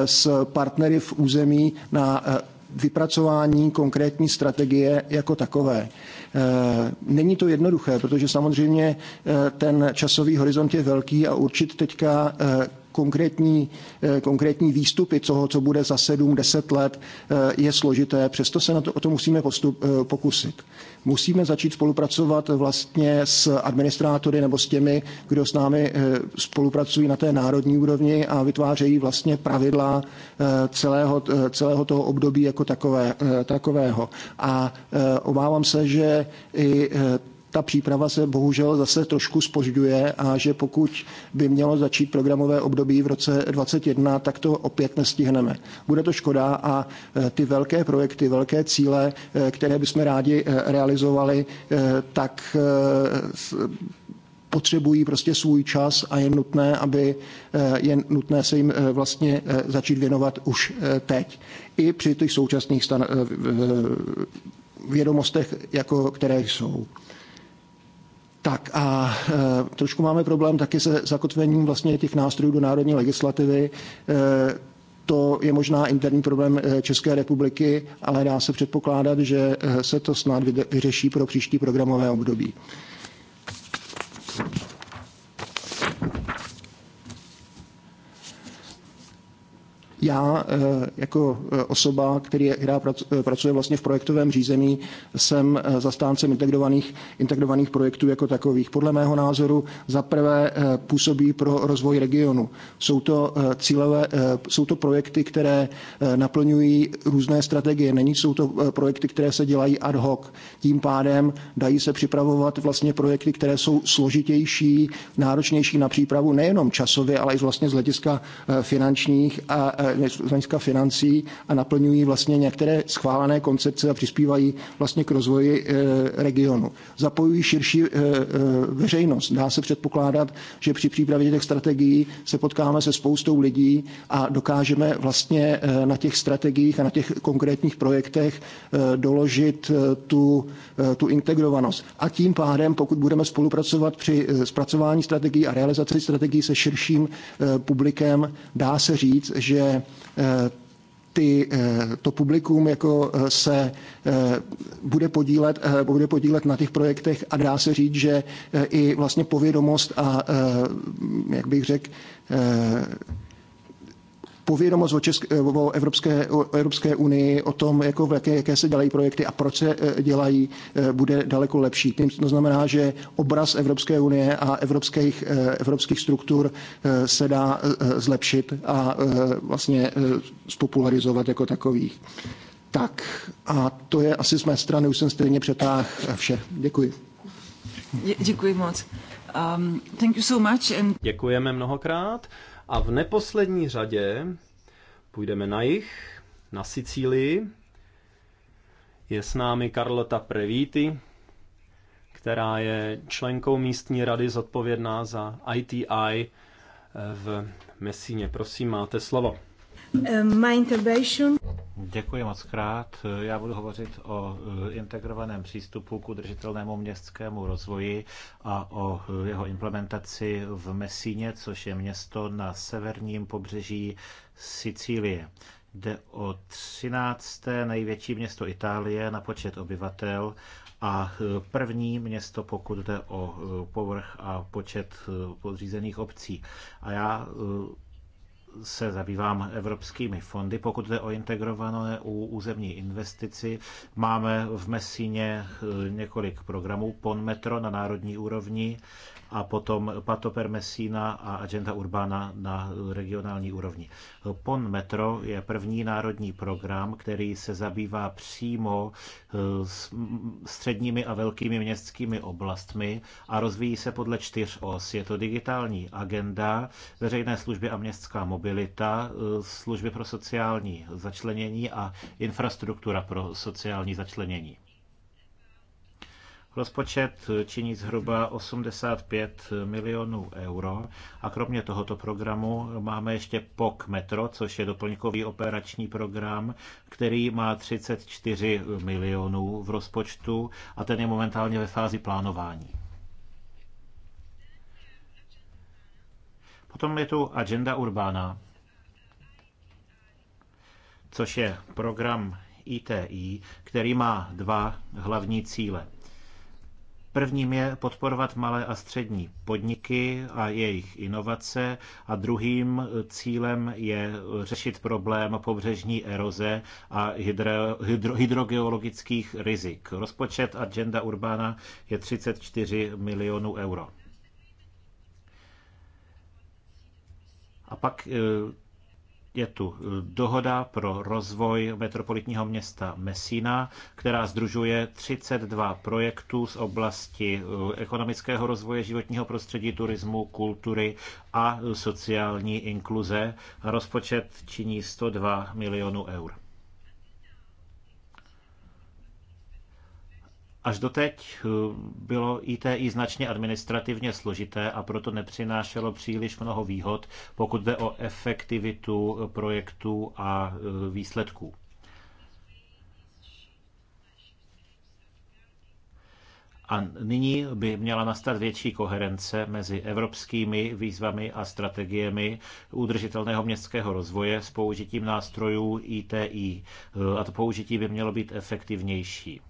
s partnery v území na vypracování konkrétní strategie jako takové. Není to jednoduché, protože samozřejmě ten časový horizont je velký a určit teďka konkrétní, eh, konkrétní výstupy toho, co bude za 7-10 let, eh, je složité. Přesto se na to, o to musíme postup, eh, pokusit. Musíme začít spolupracovat vlastně s administrátory nebo s těmi, kdo s námi spolupracují na té národní úrovni a vytvářejí vlastně pravidla celého, celého toho období jako takové, takového. A obávám se, že i ta příprava se bohužel zase trošku spožďuje a že pokud by mělo začít programové období v roce 2021, tak to opět nestihneme. Bude to škoda a e, ty velké projekty, velké cíle, e, které bychom rádi e, realizovali, tak potřebují prostě svůj čas a je nutné, aby je nutné se jim vlastně začít věnovat už teď. I při těch současných stan- vědomostech, jako které jsou. Tak a e, trošku máme problém taky se zakotvením vlastně těch nástrojů do národní legislativy. E, to je možná interní problém e, České republiky, ale dá se předpokládat, že e, se to snad vyřeší pro příští programové období. já eh, jako eh, osoba, který, která eh, pracuje vlastně v projektovém řízení, jsem zastáncem integrovaných, integrovaných projektů jako takových. Podle mého názoru za prvé působí pro rozvoj regionu. Jsou to, cílové, jsou to projekty, které naplňují různé strategie. Není jsou to projekty, které se dělají ad hoc. Tím pádem dají se připravovat vlastně projekty, které jsou složitější, náročnější na přípravu nejenom časově, ale i vlastně z hlediska finančních a z hlediska financí a naplňují vlastně některé schválené koncepce a přispívají vlastně k rozvoji eh, regionu. Zapojují širší eh, eh, veřejnost. Dá se předpokládat, že při přípravě těch strategií se potkáme se spoustou lidí a dokážeme vlastně na těch strategiích a na těch konkrétních projektech doložit tu, tu integrovanost. A tím pádem, pokud budeme spolupracovat při zpracování strategií a realizaci strategií se širším publikem, dá se říct, že ty, eh, to publikum jako eh, se eh, bude podílet, bude podílet na těch projektech a dá se říct, že i vlastně povědomost a, jak bych řekl, povědomost o, Česk- eh, o, Evropské, o Evropské unii, o tom, jako v jaké, jaké se dělají projekty a proč se eh, dělají, eh, bude daleko lepší. Tím to znamená, že obraz Evropské unie a evropských, evropských struktur se dá zlepšit a vlastně spopularizovat jako takových. Tak a to je asi z mé strany, už jsem stejně přetáhl vše. Děkuji. děkuji moc. Um, thank you so much and... Děkujeme mnohokrát. A v neposlední řadě půjdeme na jich, na Sicílii. Je s námi Carlota Previti, která je členkou místní rady zodpovědná za ITI eh, v Messině. Prosím, máte slovo. Eh, My intervention. Děkuji moc krát. Já budu hovořit o eh, integrovaném přístupu k udržitelnému městskému rozvoji a o eh, jeho implementaci v Mesíně, což je město na severním pobřeží Sicílie. Jde o 13. největší město Itálie na počet obyvatel a eh, první město, pokud jde o povrch a počet podřízených obcí. A já se zabývám evropskými fondy. Pokud jde o integrované u územní investici, máme v Mesíně eh, několik programů PON Metro na národní úrovni a potom Pato Permesina a Agenda Urbana na regionální úrovni. PON Metro je první národní program, který se zabývá přímo eh, středními a velkými městskými oblastmi a rozvíjí se podle čtyř os. Je to digitální agenda, veřejné služby a městská mobilita, eh, služby pro sociální začlenění a infrastruktura pro sociální začlenění. Rozpočet činí zhruba 85 milionů euro a kromě tohoto programu máme ještě POK Metro, což je doplňkový operační program, který má 34 milionů v rozpočtu a ten je momentálně ve fázi plánování. Potom je tu Agenda Urbana, což je program ITI, který má dva hlavní cíle – Prvním je podporovat malé a střední podniky a jejich inovace a druhým cílem je řešit problém pobřežní eroze a hydro, hydro, hydrogeologických rizik. Rozpočet Agenda Urbana je 34 milionů euro. A pak eh, je tu eh, dohoda pro rozvoj metropolitního města Messina, která združuje 32 projektů z oblasti eh, ekonomického rozvoje životního prostředí, turismu, kultury a sociální inkluze. Rozpočet činí 102 milionů eur. Až doteď eh, bylo ITI značně administrativně složité a proto nepřinášelo příliš mnoho výhod, pokud jde o efektivitu eh, projektů a eh, výsledků. A nyní by měla nastat větší koherence mezi evropskými výzvami a strategiemi udržitelného městského rozvoje s použitím nástrojů ITI. A to použití by mělo být efektivnější.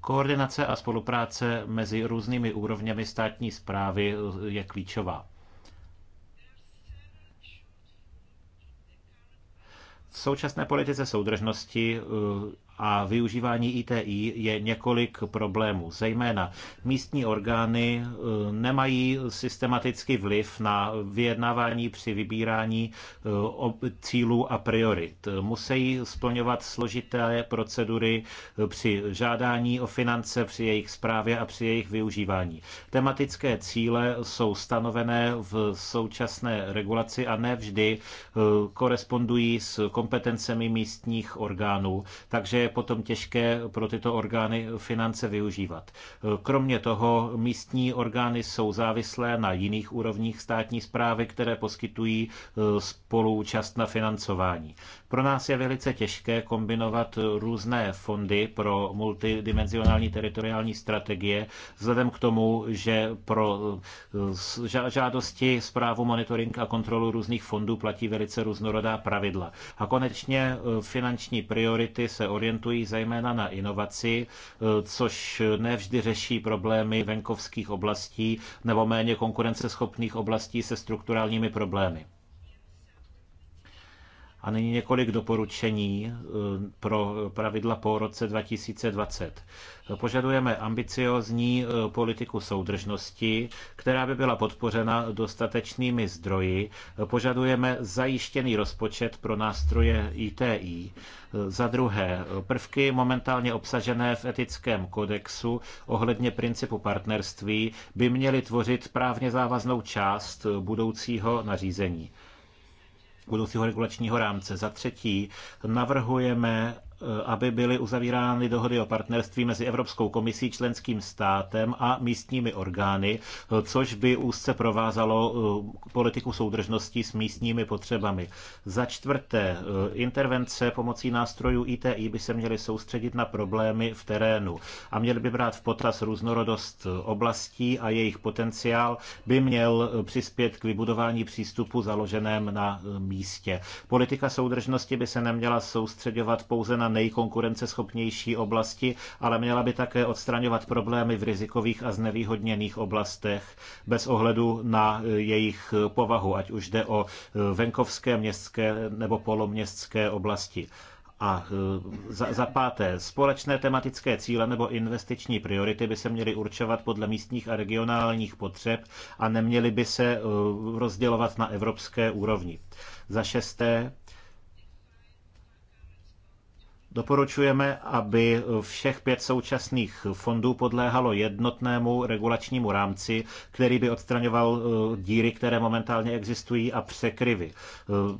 Koordinace a spolupráce mezi různými úrovněmi státní zprávy je klíčová. V současné politice soudržnosti a využívání ITI je několik problémů. Zejména místní orgány eh, nemají systematicky vliv na vyjednávání při vybírání eh, cílů a priorit. Musí splňovat složité procedury eh, při žádání o finance, při jejich zprávě a při jejich využívání. Tematické cíle jsou stanovené v současné regulaci a nevždy korespondují s kompetencemi místních orgánů, takže je potom těžké pro tyto orgány finance využívat. Kromě toho místní orgány jsou závislé na jiných úrovních státní zprávy, které poskytují e, spoluúčast na financování. Pro nás je velice těžké kombinovat různé fondy pro multidimenzionální teritoriální strategie, vzhledem k tomu, že pro e, žádosti, zprávu, monitoring a kontrolu různých fondů platí velice různorodá pravidla. A konečně e, finanční priority se orientují orientují zejména na inovaci, e, což nevždy řeší problémy venkovských oblastí nebo méně konkurenceschopných oblastí se strukturálními problémy. A nyní několik doporučení eh, pro pravidla po roce 2020. Požadujeme ambiciozní eh, politiku soudržnosti, která by byla podpořena dostatečnými zdroji. Požadujeme zajištěný rozpočet pro nástroje ITI. Eh, za druhé, prvky momentálně obsažené v etickém kodexu ohledně principu partnerství by měly tvořit právně závaznou část budoucího nařízení budoucího regulačního rámce. Za třetí, navrhujeme Eh, aby byly uzavírány dohody o partnerství mezi Evropskou komisí, členským státem a místními orgány, eh, což by úzce provázalo eh, politiku soudržnosti s místními potřebami. Za čtvrté, intervence pomocí nástrojů ITI by se měly soustředit na problémy v terénu a měly by brát v potaz různorodost oblastí a jejich potenciál by měl přispět k vybudování přístupu založeném na místě. Politika soudržnosti by se neměla soustředovat pouze na nejkonkurenceschopnější oblasti, ale měla by také odstraňovat problémy v rizikových a znevýhodněných oblastech bez ohledu na eh, jejich povahu, ať už jde o eh, venkovské, městské nebo poloměstské oblasti. A eh, za, za páté, společné tematické cíle nebo investiční priority by se měly určovat podle místních a regionálních potřeb a neměly by se rozdělovat na evropské úrovni. Za šesté, Doporučujeme, aby všech pět současných fondů podléhalo jednotnému regulačnímu rámci, který by odstraňoval eh, díry, které momentálně existují a překryvy.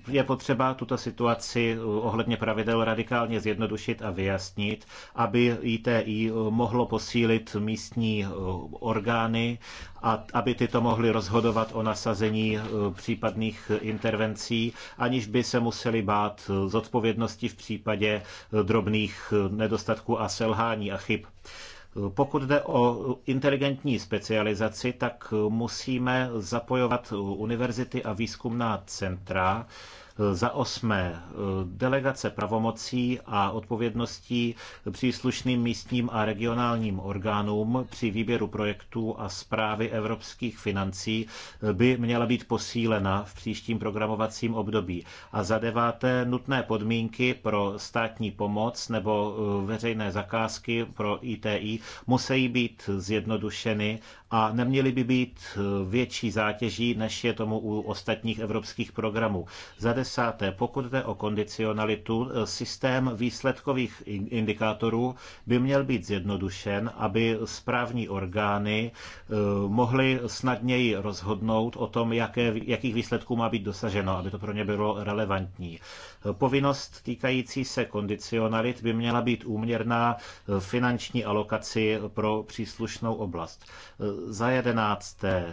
Eh, je potřeba tuto situaci eh, ohledně pravidel radikálně zjednodušit a vyjasnit, aby ITI mohlo posílit místní orgány a aby tyto mohly rozhodovat o nasazení eh, případných eh, intervencí, aniž by se museli bát eh, zodpovědnosti v případě drobných nedostatků a selhání a chyb. Pokud jde o inteligentní specializaci, tak musíme zapojovat univerzity a výzkumná centra, za osmé, eh, delegace pravomocí a odpovědností příslušným místním a regionálním orgánům při výběru projektů a zprávy evropských financí eh, by měla být posílena v příštím programovacím období. A za deváté, nutné podmínky pro státní pomoc nebo eh, veřejné zakázky pro ITI musí být zjednodušeny a neměly by být větší zátěží, než je tomu u ostatních evropských programů. Za desáté, pokud jde o kondicionalitu, eh, systém výsledkových indikátorů by měl být zjednodušen, aby správní orgány eh, mohly snadněji rozhodnout o tom, jaké, jakých výsledků má být dosaženo, aby to pro ně bylo relevantní. Eh, povinnost týkající se kondicionalit by měla být úměrná finanční alokaci pro příslušnou oblast. Za jedenácté,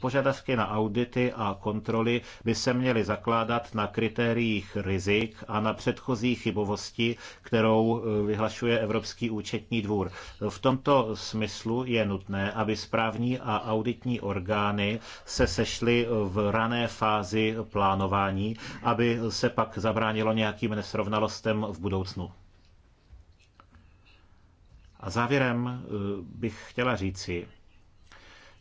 požadavky na audity a kontroly by se měly zakládat na na kritériích rizik a na předchozí chybovosti, kterou eh, vyhlašuje Evropský účetní dvůr. V tomto smyslu je nutné, aby správní a auditní orgány se sešly v rané fázi plánování, aby se pak zabránilo nějakým nesrovnalostem v budoucnu. A závěrem eh, bych chtěla říci,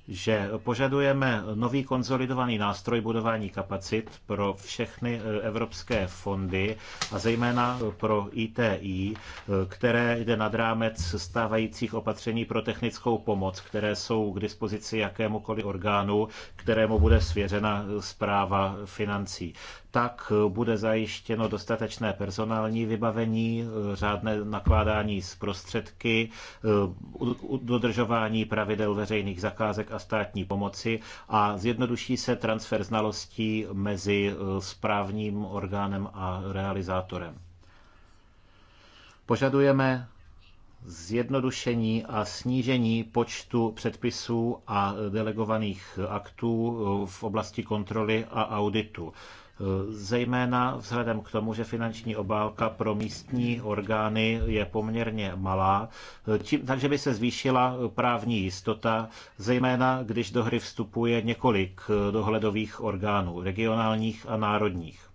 že požadujeme nový konzolidovaný nástroj budování kapacit pro všechny eh, evropské fondy a zejména pro ITI, eh, které jde nad rámec stávajících opatření pro technickou pomoc, které jsou k dispozici jakémukoliv orgánu, kterému bude svěřena zpráva eh, financí tak eh, bude zajištěno dostatečné personální vybavení, eh, řádné nakládání s prostředky, eh, dodržování pravidel veřejných zakázek a státní pomoci a zjednoduší se transfer znalostí mezi správním orgánem a realizátorem. Požadujeme zjednodušení a snížení počtu předpisů a delegovaných aktů v oblasti kontroly a auditu. Zejména vzhledem k tomu, že finanční obálka pro místní orgány je poměrně malá, čím, takže by se zvýšila právní jistota, zejména když do hry vstupuje několik eh, dohledových orgánů, regionálních a národních.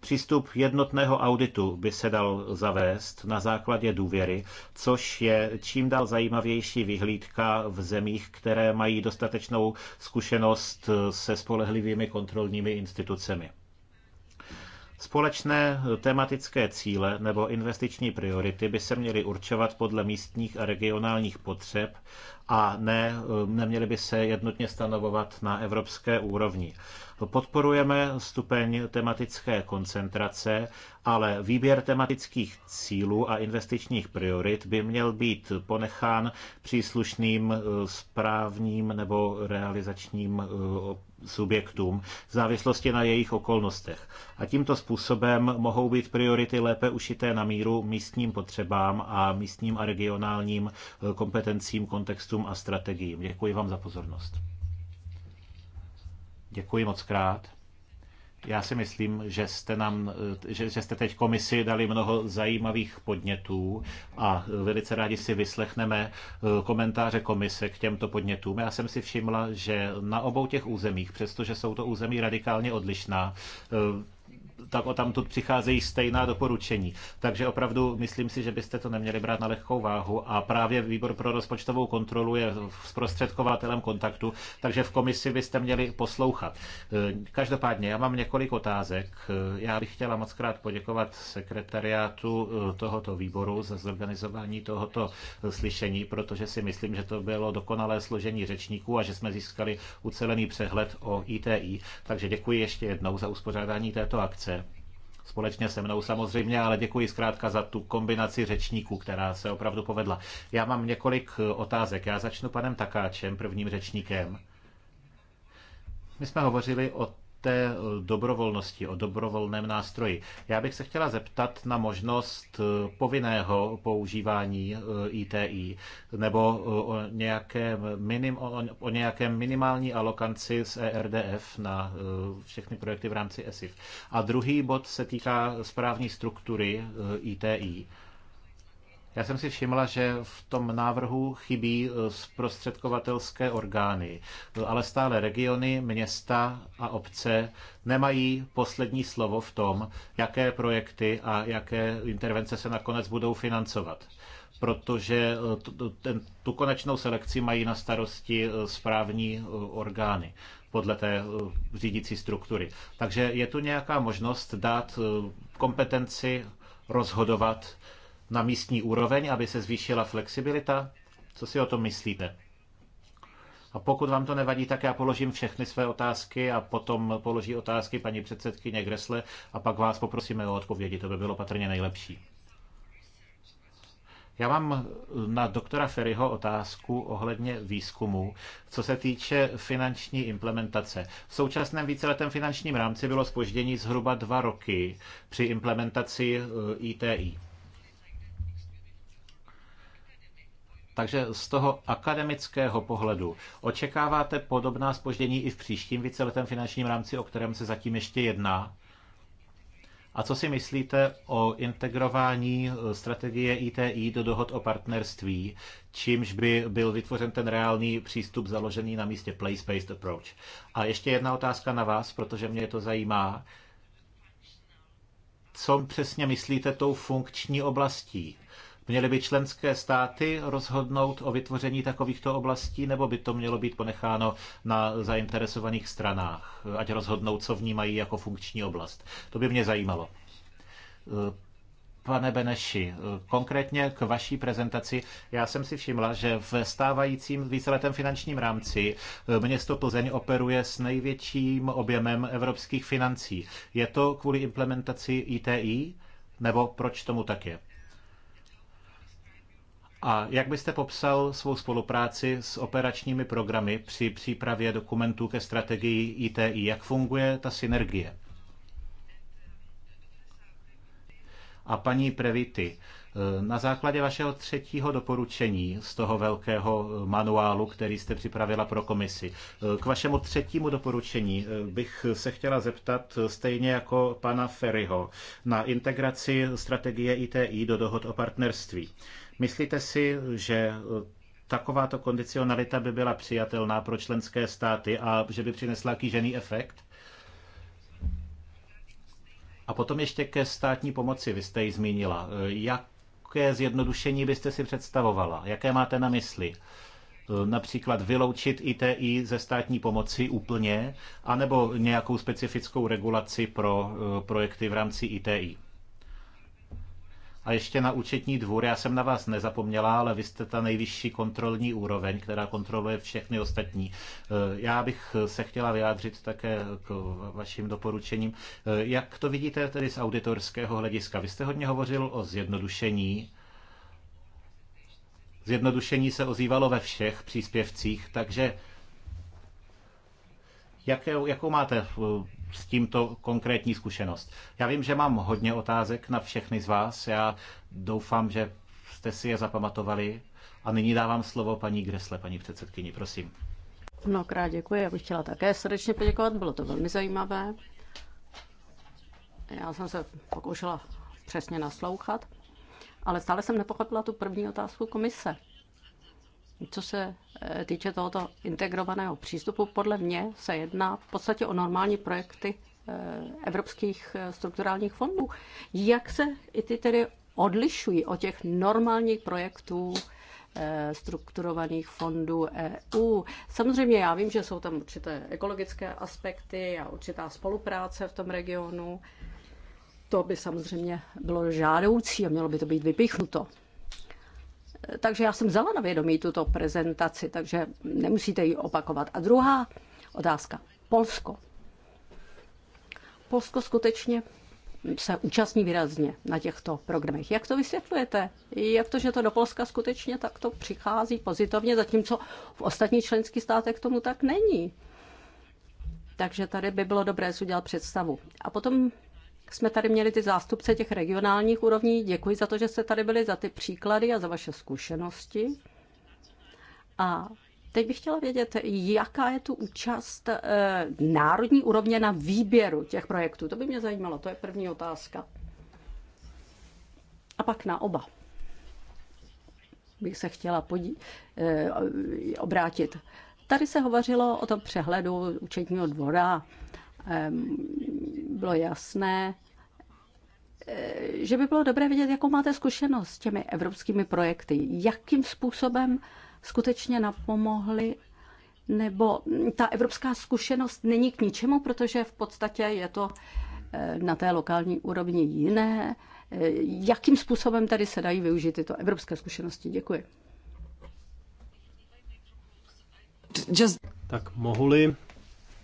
Přístup jednotného auditu by se dal zavést na základě důvěry, což je čím dál zajímavější vyhlídka v zemích, které mají dostatečnou zkušenost eh, se spolehlivými kontrolními institucemi. Společné eh, tematické cíle nebo investiční priority by se měly určovat podle místních a regionálních potřeb a ne, eh, neměly by se jednotně stanovovat na evropské úrovni. Podporujeme stupeň tematické koncentrace, ale výběr tematických cílů a investičních priorit by měl být ponechán příslušným eh, správním nebo realizačním eh, subjektům v závislosti na jejich okolnostech. A tímto způsobem mohou být priority lépe ušité na míru místním potřebám a místním a regionálním eh, kompetencím, kontextům a strategiím. Děkuji vám za pozornost. Děkuji moc krát. Já si myslím, že jste, nám, že, že jste teď komisi dali mnoho zajímavých podnětů a velice rádi si vyslechneme eh, komentáře komise k těmto podnětům. Já jsem si všimla, že na obou těch územích, přestože jsou to území radikálně odlišná, eh, tak o tamtud přicházejí stejná doporučení. Takže opravdu myslím si, že byste to neměli brát na lehkou váhu a právě výbor pro rozpočtovou kontrolu je zprostředkovatelem kontaktu, takže v komisi byste měli poslouchat. E, každopádně já mám několik otázek. E, já bych chtěla moc krát poděkovat sekretariátu e, tohoto výboru za zorganizování tohoto slyšení, protože si myslím, že to bylo dokonalé složení řečníků a že jsme získali ucelený přehled o ITI. Takže děkuji ještě jednou za uspořádání této akce se Společně se mnou samozřejmě, ale děkuji zkrátka za tu kombinaci řečníků, která se opravdu povedla. Já mám několik otázek. Já začnu panem Takáčem, prvním řečníkem. My jsme hovořili o té eh, dobrovolnosti, o dobrovolném nástroji. Já bych se chtěla zeptat na možnost eh, povinného používání ITI eh, nebo o nějaké minim, o nějakém minimální alokanci z ERDF na všechny projekty v rámci ESIF. A druhý bod se týká správní struktury ITI. Já jsem si všimla, že v tom návrhu chybí eh, zprostředkovatelské orgány, eh, ale stále regiony, města a obce nemají poslední slovo v tom, jaké projekty a jaké intervence se nakonec budou financovat protože eh, ten, tu konečnou selekci mají na starosti správní orgány podle té řídící struktury. Takže je tu nějaká možnost dát kompetenci rozhodovat na místní úroveň, aby se zvýšila flexibilita? Co si o tom myslíte? A pokud vám to nevadí, tak já položím všechny své otázky a potom položí otázky paní předsedkyně Gresle a pak vás poprosíme o odpovědi. To by bylo patrně nejlepší. Já mám na doktora Ferryho otázku ohledně výzkumu, co se týče finanční implementace. V současném víceletém finančním rámci bylo spoždění zhruba dva roky při implementaci ITI. Eh, Takže z toho akademického pohledu očekáváte podobná spoždění i v příštím víceletém finančním rámci, o kterém se zatím ještě jedná? A co si myslíte o integrování eh, strategie ITI do dohod o partnerství, čímž by byl vytvořen ten reálný přístup založený na místě place-based approach? A ještě jedna otázka na vás, protože mě to zajímá. Co přesně myslíte tou funkční oblastí? Měly by členské státy rozhodnout o vytvoření takovýchto oblastí, nebo by to mělo být ponecháno na zainteresovaných stranách, ať rozhodnou, co vnímají jako funkční oblast? To by mě zajímalo. Pane Beneši, konkrétně k vaší prezentaci, já jsem si všimla, že v stávajícím víceletém finančním rámci město Plzeň operuje s největším objemem evropských financí. Je to kvůli implementaci ITI, nebo proč tomu tak je? A jak byste popsal svou spolupráci s operačními programy při přípravě dokumentů ke strategii ITI? Jak funguje ta synergie? A paní Previty, na základě vašeho třetího doporučení z toho velkého manuálu, který jste připravila pro komisi, k vašemu třetímu doporučení bych se chtěla zeptat stejně jako pana Ferryho na integraci strategie ITI do dohod o partnerství. Myslíte si, že e, takováto kondicionalita by byla přijatelná pro členské státy a že by přinesla kýžený efekt? A potom ještě ke státní pomoci, vy jste ji zmínila. E, jaké zjednodušení byste si představovala? Jaké máte na mysli? E, například vyloučit ITI ze státní pomoci úplně, anebo nějakou specifickou regulaci pro projekty v rámci ITI? A ještě na účetní dvůr, já jsem na vás nezapomněla, ale vy jste ta nejvyšší kontrolní úroveň, která kontroluje všechny ostatní. Eh, já bych se chtěla vyjádřit také k vašim doporučením. Eh, jak to vidíte tedy z auditorského hlediska? Vy jste hodně hovořil o zjednodušení Zjednodušení se ozývalo ve všech příspěvcích, takže jakou máte eh, s tímto konkrétní zkušenost. Já vím, že mám hodně otázek na všechny z vás. Já doufám, že jste si je zapamatovali. A nyní dávám slovo paní Gresle, paní předsedkyni, prosím. Mnohokrát děkuji, já bych chtěla také srdečně poděkovat, bylo to velmi zajímavé. Já jsem se pokoušela přesně naslouchat, ale stále jsem nepochopila tu první otázku komise. Co se eh, týče tohoto integrovaného přístupu, podle mě se jedná v podstatě o normální projekty eh, evropských eh, strukturálních fondů. Jak se i ty tedy odlišují od těch normálních projektů strukturovaných fondů EU. Samozřejmě já vím, že jsou tam určité ekologické aspekty a určitá spolupráce v tom regionu. To by samozřejmě bylo žádoucí a mělo by to být vypichnuto. Takže já jsem vzala na vědomí tuto prezentaci, takže nemusíte ji opakovat. A druhá otázka. Polsko. Polsko skutečně se účastní výrazně na těchto programech. Jak to vysvětlujete? Jak to, že to do Polska skutečně takto přichází pozitivně, zatímco v ostatních členských státech tomu tak není? Takže tady by bylo dobré si udělat představu. A potom jsme tady měli ty zástupce těch regionálních úrovní. Děkuji za to, že jste tady byli, za ty příklady a za vaše zkušenosti. A teď bych chtěla vědět, jaká je tu účast eh, národní úrovně na výběru těch projektů. To by mě zajímalo, to je první otázka. A pak na oba bych se chtěla podí- e, obrátit. Tady se hovořilo o tom přehledu účetního dvora bylo jasné, eh, že by bylo dobré vidět, jakou máte zkušenost s těmi evropskými projekty, jakým způsobem skutečně napomohli, nebo ta evropská zkušenost není k ničemu, protože v podstatě je to eh, na té lokální úrovni jiné. Eh, jakým způsobem tady se dají využít tyto evropské zkušenosti? Děkuji. Just... Tak mohu-li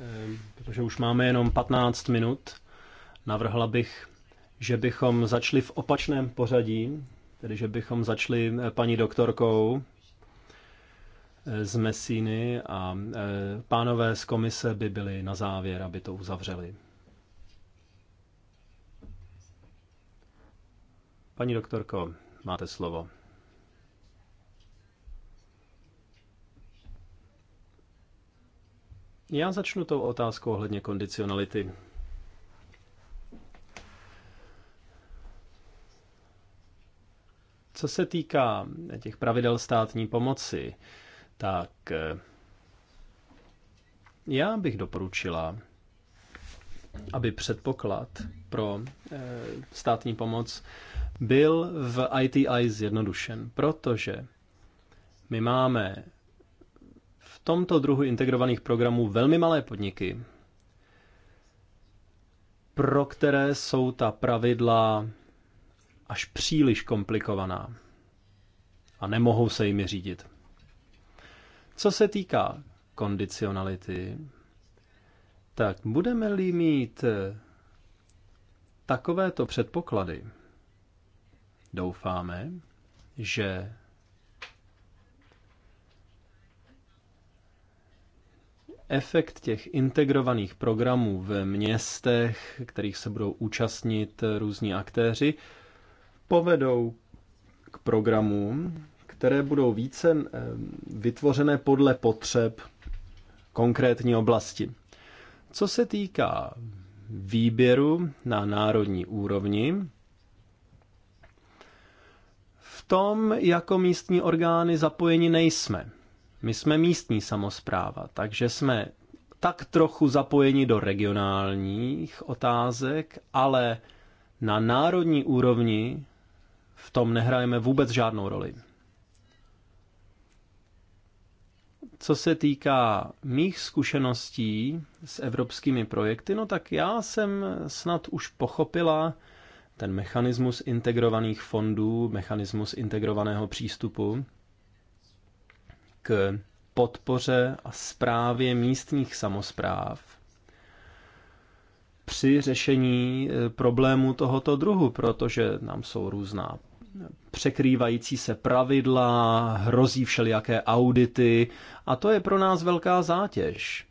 Ehm, protože už máme jenom 15 minut, navrhla bych, že bychom začali v opačném pořadí, tedy že bychom začali eh, paní doktorkou eh, z Mesíny a eh, pánové z komise by byli na závěr, aby to uzavřeli. Paní doktorko, máte slovo. Já začnu tou otázkou ohledně kondicionality. Co se týká těch pravidel státní pomoci, tak eh, já bych doporučila, aby předpoklad pro eh, státní pomoc byl v ITI zjednodušen, protože my máme tomto druhu integrovaných programů velmi malé podniky, pro které jsou ta pravidla až příliš komplikovaná a nemohou se jimi řídit. Co se týká kondicionality, tak budeme-li mít eh, takovéto předpoklady, doufáme, že efekt těch integrovaných programů v městech, kterých se budou účastnit různí aktéři, povedou k programům, které budou více eh, vytvořené podle potřeb konkrétní oblasti. Co se týká výběru na národní úrovni, v tom jako místní orgány zapojeni nejsme. My jsme místní samozpráva, takže jsme tak trochu zapojeni do regionálních otázek, ale na národní úrovni v tom nehrajeme vůbec žádnou roli. Co se týká mých zkušeností s evropskými projekty, no tak já jsem snad už pochopila ten mechanismus integrovaných fondů, mechanismus integrovaného přístupu k podpoře a zprávě místních samozpráv při řešení e, problému tohoto druhu, protože nám jsou různá překrývající se pravidla, hrozí všelijaké audity a to je pro nás velká zátěž,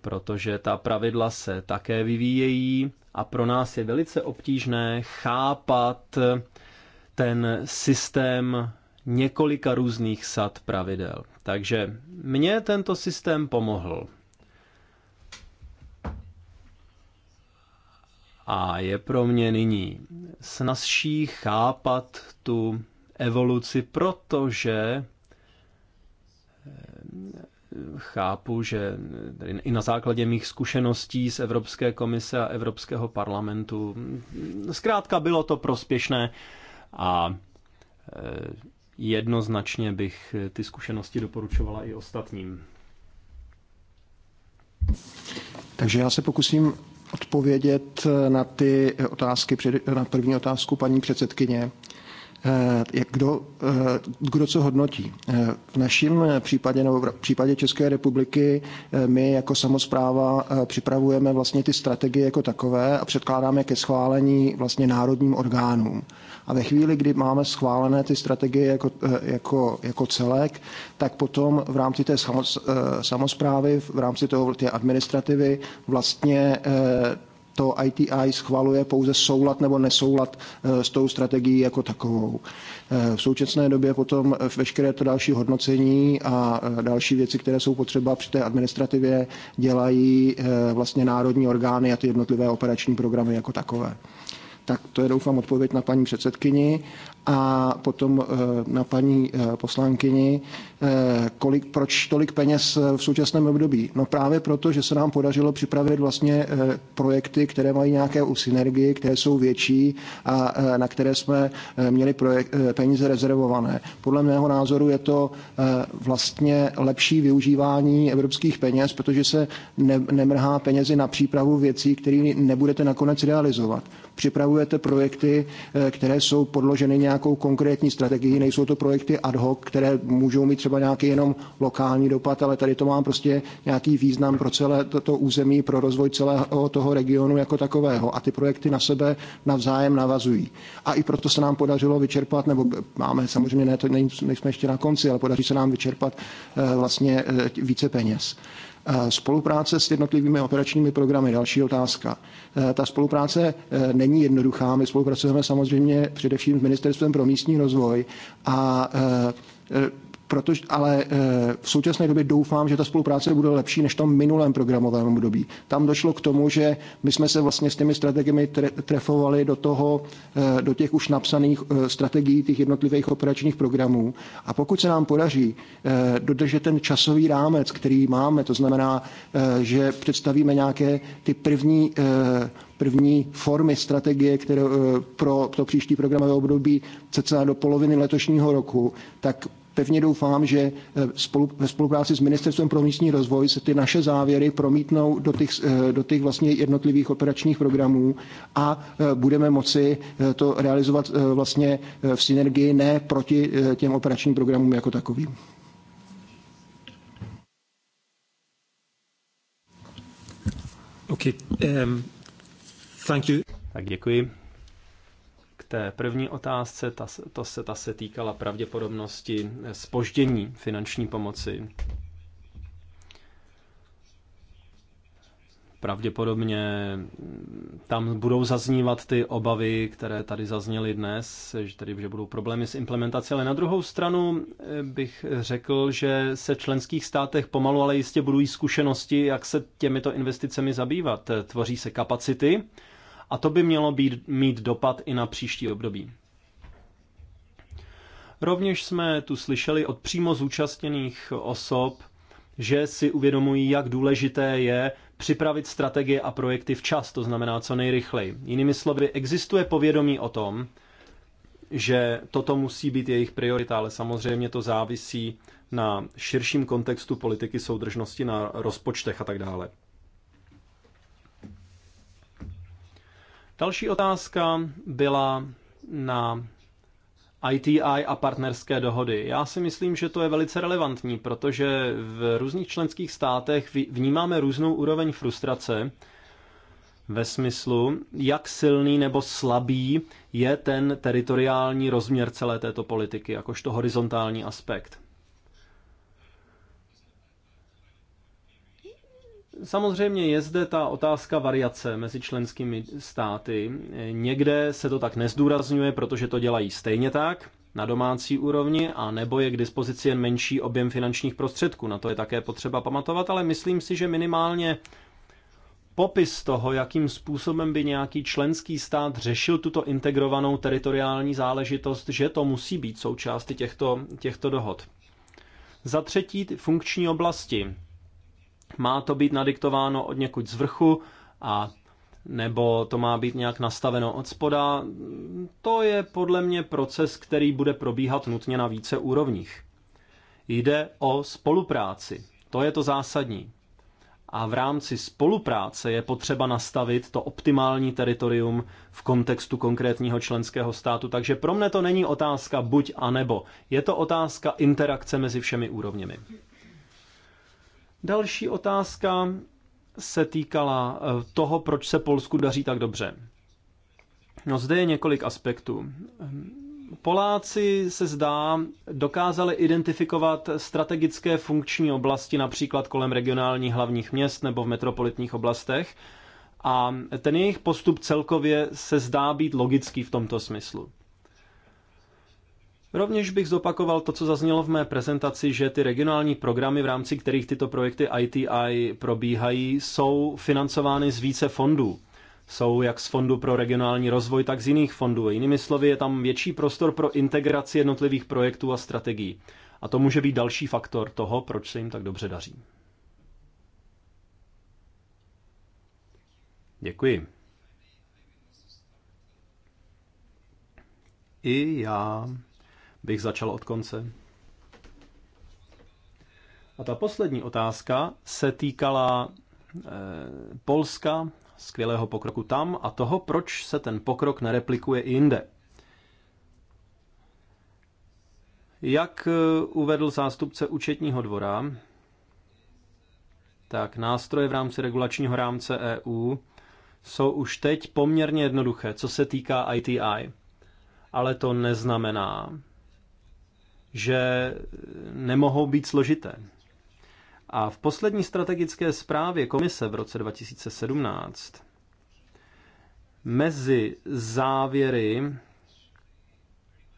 protože ta pravidla se také vyvíjejí a pro nás je velice obtížné chápat ten systém několika různých sad pravidel. Takže mně tento systém pomohl. A je pro mě nyní snazší chápat tu evoluci, protože eh, chápu, že i na základě mých zkušeností z Evropské komise a Evropského parlamentu, zkrátka bylo to prospěšné a eh, jednoznačně bych eh, ty zkušenosti doporučovala i ostatním. Takže já se pokusím odpovědět eh, na ty eh, otázky, na první otázku paní předsedkyně. Eh, jak kdo, eh, kdo co hodnotí. Eh, v našem případě nebo v případě České republiky my jako samozpráva připravujeme vlastně ty strategie jako takové a předkládáme ke schválení vlastně národním orgánům. A ve chvíli, kdy máme schválené ty strategie jako, jako, jako celek, tak potom v rámci té samozprávy, v rámci toho té administrativy vlastně to ITI schvaluje pouze soulad nebo nesoulad eh, s tou strategií jako takovou. Eh, v současné době potom veškeré to další hodnocení a eh, další věci, které jsou potřeba při té administrativě, dělají vlastně národní orgány a ty jednotlivé operační programy jako takové. Tak to je doufám odpověď na paní předsedkyni a potom eh, na paní eh, poslankyni, eh, kolik, proč tolik peněz v současném období. No právě proto, že se nám podařilo připravit vlastně projekty, které mají nějaké synergie, které jsou větší a na které jsme měli projekt, peníze rezervované. Podle mého názoru je to vlastně lepší využívání evropských peněz, protože se ne, nemrhá penězi na přípravu věcí, které nebudete nakonec realizovat připravujete projekty, eh, které jsou podloženy nějakou konkrétní strategií, nejsou to projekty ad hoc, které můžou mít třeba nějaký jenom lokální dopad, ale tady to má prostě nějaký význam pro celé toto území, pro rozvoj celého toho regionu jako takového. A ty projekty na sebe navzájem navazují. A i proto se nám podařilo vyčerpat, nebo máme samozřejmě, ne, to nejsme ještě na konci, ale podaří se nám vyčerpat eh, vlastně eh, více peněz. Eh, spolupráce s jednotlivými operačními programy, další otázka. Eh, ta spolupráce eh, není jednoduchá. My spolupracujeme samozřejmě především s Ministerstvem pro místní rozvoj a Protože, ale eh, v současné době doufám, že ta spolupráce bude lepší než v tom minulém programovém období. Tam došlo k tomu, že my jsme se vlastně s těmi strategiemi trefovali do, toho, eh, do těch už napsaných eh, strategií těch jednotlivých operačních programů. A pokud se nám podaří dodržet ten časový rámec, který máme, to znamená, že představíme nějaké ty první první formy strategie které, pro to příští programové období cca do poloviny letošního roku, tak Pevně doufám, že eh, spolu, ve spolupráci s Ministerstvem pro místní rozvoj se ty naše závěry promítnou do těch, eh, do těch vlastně jednotlivých operačních programů a eh, budeme moci to realizovat vlastně v synergii, ne proti těm operačním programům jako takovým. Okay. Um, thank you. Tak děkuji té první otázce, ta, to se, ta se týkala pravděpodobnosti spoždění finanční pomoci. Pravděpodobně tam budou zaznívat ty obavy, které tady zazněly dnes, že tady že budou problémy s implementací, ale na druhou stranu eh, bych řekl, že se v členských státech pomalu, ale jistě budují zkušenosti, jak se těmito investicemi zabývat. Tvoří se kapacity, a to by mělo být, mít dopad i na příští období. Rovněž jsme tu slyšeli od přímo zúčastněných osob, že si uvědomují, jak důležité je připravit strategie a projekty včas, to znamená co nejrychleji. Jinými slovy, existuje povědomí o tom, že toto musí být jejich priorita, ale samozřejmě to závisí na širším kontextu politiky soudržnosti, na rozpočtech a tak dále. Další otázka byla na ITI a partnerské dohody. Já si myslím, že to je velice relevantní, protože v různých členských státech vnímáme různou úroveň frustrace ve smyslu, jak silný nebo slabý je ten teritoriální rozměr celé této politiky, jakožto horizontální aspekt. Samozřejmě je zde ta otázka variace mezi členskými státy. Někde se to tak nezdůrazňuje, protože to dělají stejně tak na domácí úrovni, a nebo je k dispozici jen menší objem finančních prostředků. Na to je také potřeba pamatovat, ale myslím si, že minimálně popis toho, jakým způsobem by nějaký členský stát řešil tuto integrovanou teritoriální záležitost, že to musí být součástí těchto, těchto dohod. Za třetí, funkční oblasti. Má to být nadiktováno od někud z vrchu a nebo to má být nějak nastaveno od spoda, to je podle mě proces, který bude probíhat nutně na více úrovních. Jde o spolupráci, to je to zásadní. A v rámci spolupráce je potřeba nastavit to optimální teritorium v kontextu konkrétního členského státu. Takže pro mne to není otázka buď a nebo. Je to otázka interakce mezi všemi úrovněmi. Další otázka se týkala eh, toho, proč se Polsku daří tak dobře. No zde je několik aspektů. Poláci se zdá dokázali identifikovat strategické funkční oblasti například kolem regionálních hlavních měst nebo v metropolitních oblastech a ten jejich postup celkově se zdá být logický v tomto smyslu. Rovněž bych zopakoval to, co zaznělo v mé prezentaci, že ty regionální programy, v rámci kterých tyto projekty ITI probíhají, jsou financovány z více fondů. Jsou jak z Fondu pro regionální rozvoj, tak z jiných fondů. Jinými slovy, je tam větší prostor pro integraci jednotlivých projektů a strategií. A to může být další faktor toho, proč se jim tak dobře daří. Děkuji. I já bych začal od konce. A ta poslední otázka se týkala eh, Polska, skvělého pokroku tam a toho, proč se ten pokrok nereplikuje i jinde. Jak eh, uvedl zástupce účetního dvora, tak nástroje v rámci regulačního rámce EU jsou už teď poměrně jednoduché, co se týká ITI. Ale to neznamená, že nemohou být složité. A v poslední strategické zprávě komise v roce 2017 mezi závěry,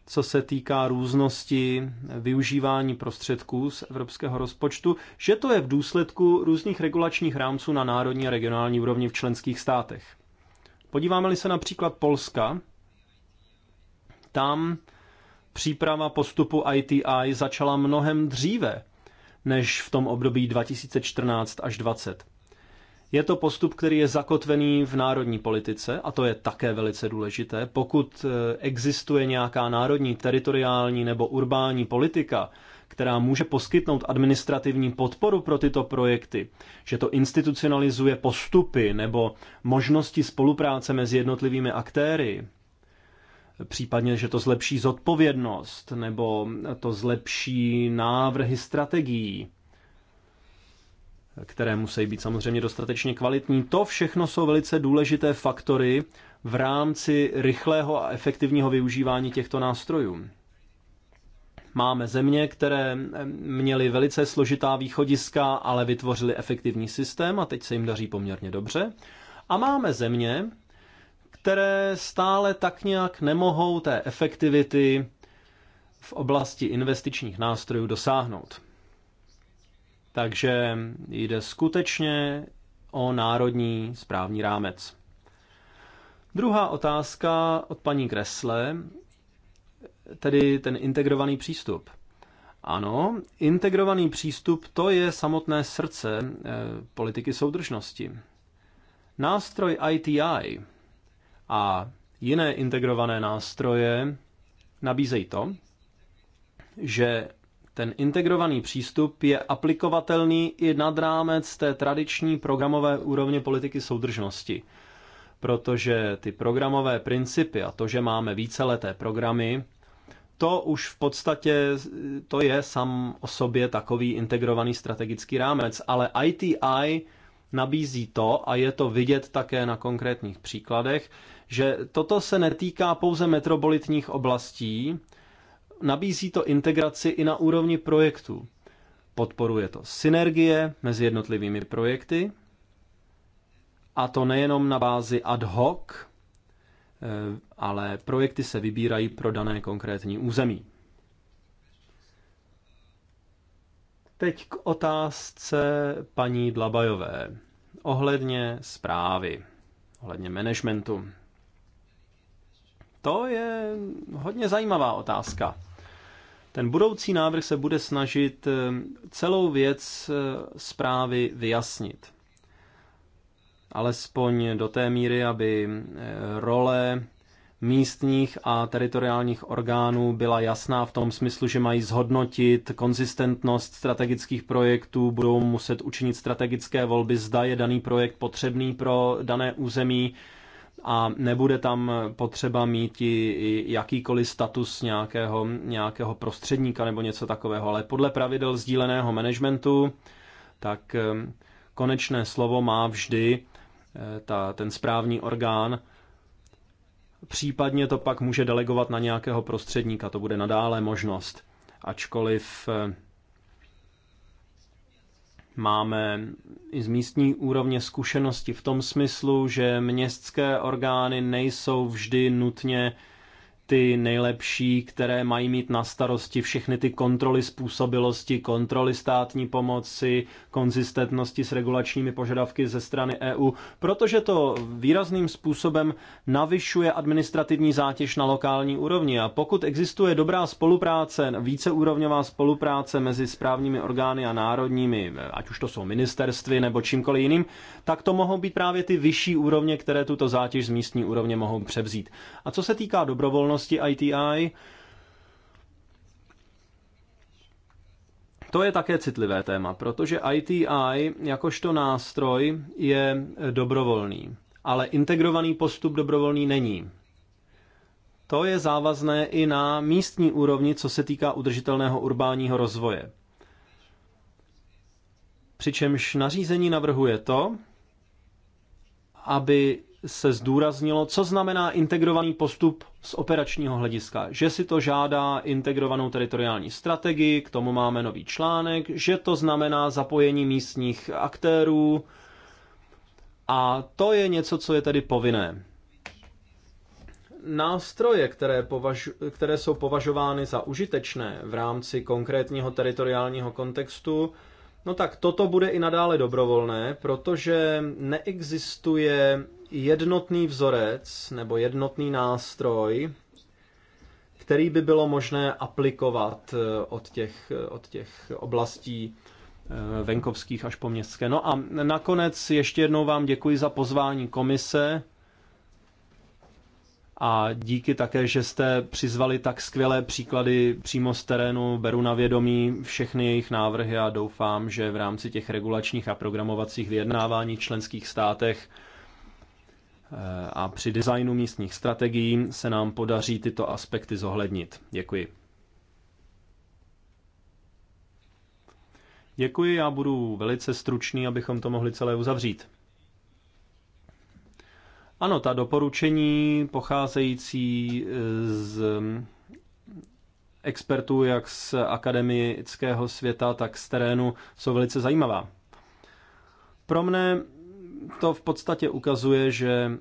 co se týká různosti využívání prostředků z evropského rozpočtu, že to je v důsledku různých regulačních rámců na národní a regionální úrovni v členských státech. Podíváme-li se například Polska, tam Příprava postupu ITI začala mnohem dříve než v tom období 2014 až 2020. Je to postup, který je zakotvený v národní politice, a to je také velice důležité. Pokud eh, existuje nějaká národní, teritoriální nebo urbální politika, která může poskytnout administrativní podporu pro tyto projekty, že to institucionalizuje postupy nebo možnosti spolupráce mezi jednotlivými aktéry, případně, že to zlepší zodpovědnost nebo to zlepší návrhy strategií, které musí být samozřejmě dostatečně kvalitní. To všechno jsou velice důležité faktory v rámci rychlého a efektivního využívání těchto nástrojů. Máme země, které měly velice složitá východiska, ale vytvořily efektivní systém a teď se jim daří poměrně dobře. A máme země, které stále tak nějak nemohou té efektivity v oblasti investičních nástrojů dosáhnout. Takže jde skutečně o národní správní rámec. Druhá otázka od paní Kresle, tedy ten integrovaný přístup. Ano, integrovaný přístup to je samotné srdce eh, politiky soudržnosti. Nástroj ITI, a jiné integrované nástroje nabízejí to, že ten integrovaný přístup je aplikovatelný i nad rámec té tradiční programové úrovně politiky soudržnosti. Protože ty programové principy a to, že máme víceleté programy, to už v podstatě to je sam o sobě takový integrovaný strategický rámec, ale ITI nabízí to, a je to vidět také na konkrétních příkladech, že toto se netýká pouze metropolitních oblastí, nabízí to integraci i na úrovni projektů. Podporuje to synergie mezi jednotlivými projekty, a to nejenom na bázi ad hoc, eh, ale projekty se vybírají pro dané konkrétní území. Teď k otázce paní Dlabajové ohledně zprávy, ohledně managementu. To je hodně zajímavá otázka. Ten budoucí návrh se bude snažit eh, celou věc eh, zprávy vyjasnit. Alespoň do té míry, aby eh, role místních a teritoriálních orgánů byla jasná v tom smyslu, že mají zhodnotit konzistentnost strategických projektů, budou muset učinit strategické volby, zda je daný projekt potřebný pro dané území, a nebude tam potřeba mít i jakýkoliv status nějakého, nějakého prostředníka nebo něco takového, ale podle pravidel sdíleného managementu, tak eh, konečné slovo má vždy eh, ta, ten správní orgán, případně to pak může delegovat na nějakého prostředníka, to bude nadále možnost, ačkoliv eh, Máme i z místní úrovně zkušenosti v tom smyslu, že městské orgány nejsou vždy nutně ty nejlepší, které mají mít na starosti všechny ty kontroly způsobilosti, kontroly státní pomoci, konzistentnosti s regulačními požadavky ze strany EU, protože to výrazným způsobem navyšuje administrativní zátěž na lokální úrovni. A pokud existuje dobrá spolupráce, víceúrovňová spolupráce mezi správními orgány a národními, ať už to jsou ministerství nebo čímkoliv jiným, tak to mohou být právě ty vyšší úrovně, které tuto zátěž z místní úrovně mohou převzít. A co se týká dobrovolnosti, činnosti ITI. To je také citlivé téma, protože ITI jakožto nástroj je dobrovolný, ale integrovaný postup dobrovolný není. To je závazné i na místní úrovni, co se týká udržitelného urbáního rozvoje. Přičemž nařízení navrhuje to, aby se zdůraznilo, co znamená integrovaný postup z operačního hlediska. Že si to žádá integrovanou teritoriální strategii, k tomu máme nový článek, že to znamená zapojení místních aktérů a to je něco, co je tedy povinné. Nástroje, které, považu- které jsou považovány za užitečné v rámci konkrétního teritoriálního kontextu, No tak toto bude i nadále dobrovolné, protože neexistuje jednotný vzorec nebo jednotný nástroj, který by bylo možné aplikovat eh, od těch, eh, od těch oblastí eh, venkovských až po městské. No a nakonec ještě jednou vám děkuji za pozvání komise a díky také, že jste přizvali tak skvělé příklady přímo z terénu. Beru na vědomí všechny jejich návrhy a doufám, že v rámci těch regulačních a programovacích vyjednávání v členských státech eh, a při designu místních strategií se nám podaří tyto aspekty zohlednit. Děkuji. Děkuji, já budu velice stručný, abychom to mohli celé uzavřít. Ano, ta doporučení pocházející e, z mm, expertů jak z akademického světa, tak z terénu jsou velice zajímavá. Pro mne to v podstatě ukazuje, že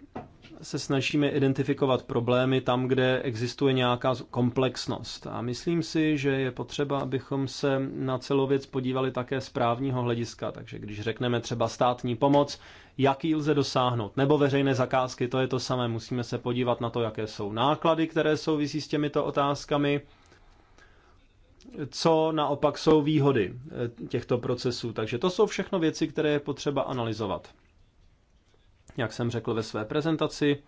se snažíme identifikovat problémy tam, kde existuje nějaká komplexnost. A myslím si, že je potřeba, abychom se na celou věc podívali také z právního hlediska. Takže když řekneme třeba státní pomoc, jaký lze dosáhnout, nebo veřejné zakázky, to je to samé. Musíme se podívat na to, jaké jsou náklady, které souvisí s těmito otázkami co naopak jsou výhody eh, těchto procesů. Takže to jsou všechno věci, které je potřeba analyzovat. Jak jsem řekl ve své prezentaci,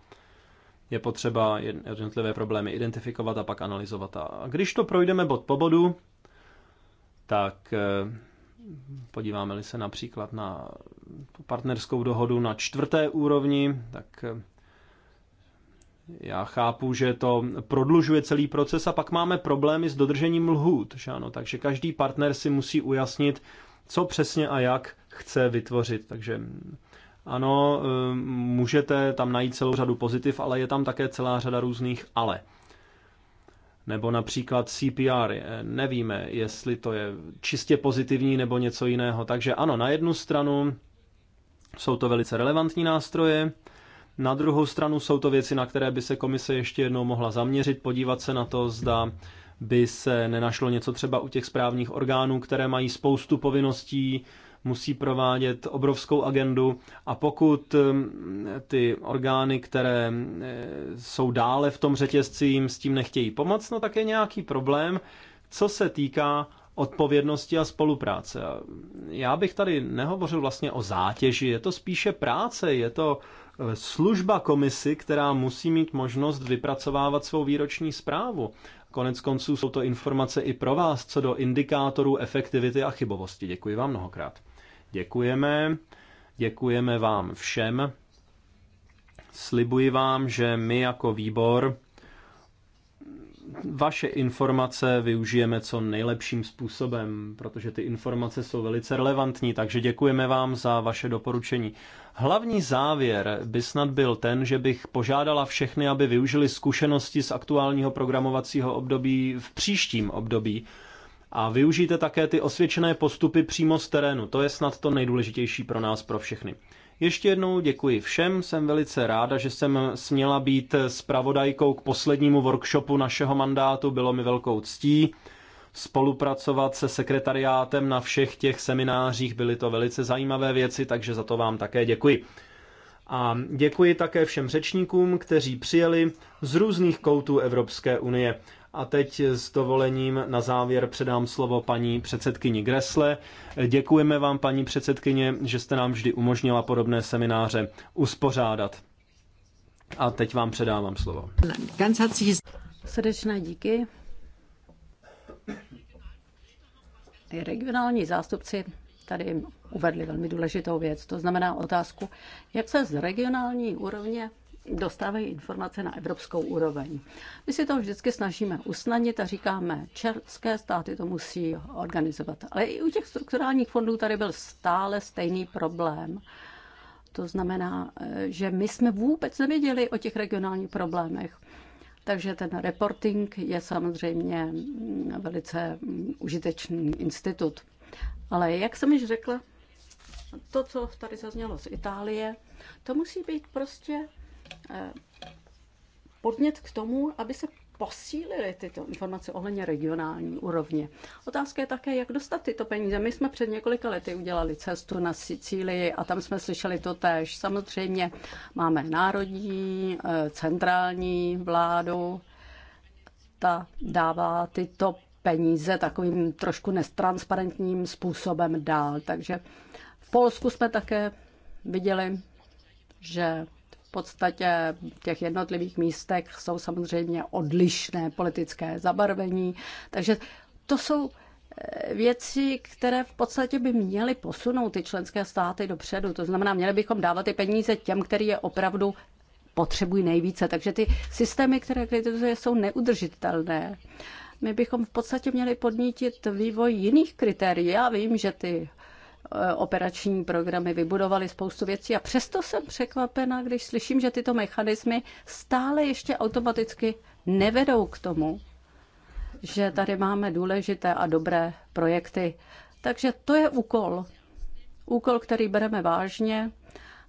je potřeba jednotlivé problémy identifikovat a pak analyzovat. A když to projdeme bod po bodu, tak eh, podíváme-li se například na tu partnerskou dohodu na čtvrté úrovni, tak eh, já chápu, že to prodlužuje celý proces a pak máme problémy s dodržením lhůt, že ano? takže každý partner si musí ujasnit, co přesně a jak chce vytvořit. Takže mm, ano, eh, můžete tam najít celou řadu pozitiv, ale je tam také celá řada různých ale. Nebo například CPR, eh, nevíme, jestli to je čistě pozitivní nebo něco jiného. Takže ano, na jednu stranu jsou to velice relevantní nástroje, na druhou stranu jsou to věci, na které by se komise ještě jednou mohla zaměřit, podívat se na to, zda by se nenašlo něco třeba u těch správních orgánů, které mají spoustu povinností, musí provádět obrovskou agendu a pokud um, ty orgány, které eh, jsou dále v tom řetězci, jim s tím nechtějí pomoct, no tak je nějaký problém, co se týká odpovědnosti a spolupráce. Já bych tady nehovořil vlastně o zátěži, je to spíše práce, je to eh, služba komisi, která musí mít možnost vypracovávat svou výroční zprávu. Konec konců jsou to informace i pro vás, co do indikátorů efektivity a chybovosti. Děkuji vám mnohokrát. Děkujeme. Děkujeme vám všem. Slibuji vám, že my jako výbor vaše informace využijeme co nejlepším způsobem, protože ty informace jsou velice relevantní, takže děkujeme vám za vaše doporučení. Hlavní závěr by snad byl ten, že bych požádala všechny, aby využili zkušenosti z aktuálního programovacího období v příštím období a využijte také ty osvědčené postupy přímo z terénu. To je snad to nejdůležitější pro nás, pro všechny. Ještě jednou děkuji všem, jsem velice ráda, že jsem směla být spravodajkou k poslednímu workshopu našeho mandátu, bylo mi velkou ctí spolupracovat se sekretariátem na všech těch seminářích, byly to velice zajímavé věci, takže za to vám také děkuji. A děkuji také všem řečníkům, kteří přijeli z různých koutů Evropské unie. A teď s dovolením na závěr předám slovo paní předsedkyni Gresle. Děkujeme vám, paní předsedkyně, že jste nám vždy umožnila podobné semináře uspořádat. A teď vám předávám slovo. Srdečné díky. Regionální zástupci tady uvedli velmi důležitou věc, to znamená otázku, jak se z regionální úrovně dostávají informace na evropskou úroveň. My si to vždycky snažíme usnadnit a říkáme, české státy to musí organizovat. Ale i u těch strukturálních fondů tady byl stále stejný problém. To znamená, eh, že my jsme vůbec nevěděli o těch regionálních problémech. Takže ten reporting je samozřejmě mm, velice mm, užitečný institut. Ale jak jsem již řekla, to, co tady zaznělo z Itálie, to musí být prostě Eh, podnět k tomu, aby se posílily tyto informace ohledně regionální úrovně. Otázka je také, jak dostat tyto peníze. My jsme před několika lety udělali cestu na Sicílii a tam jsme slyšeli to tež. Samozřejmě máme národní, eh, centrální vládu, ta dává tyto peníze takovým trošku nestransparentním způsobem dál. Takže v Polsku jsme také viděli, že v podstatě v těch jednotlivých místech jsou samozřejmě odlišné politické zabarvení, takže to jsou eh, věci, které v podstatě by měly posunout ty členské státy dopředu. To znamená, měli bychom dávat ty peníze těm, který je opravdu potřebují nejvíce. Takže ty systémy, které kritizuje, jsou neudržitelné. My bychom v podstatě měli podnítit vývoj jiných kritérií. Já vím, že ty E, operační programy vybudovali spoustu věcí a přesto jsem překvapena, když slyším, že tyto mechanismy stále ještě automaticky nevedou k tomu, že tady máme důležité a dobré projekty. Takže to je úkol. Úkol, který bereme vážně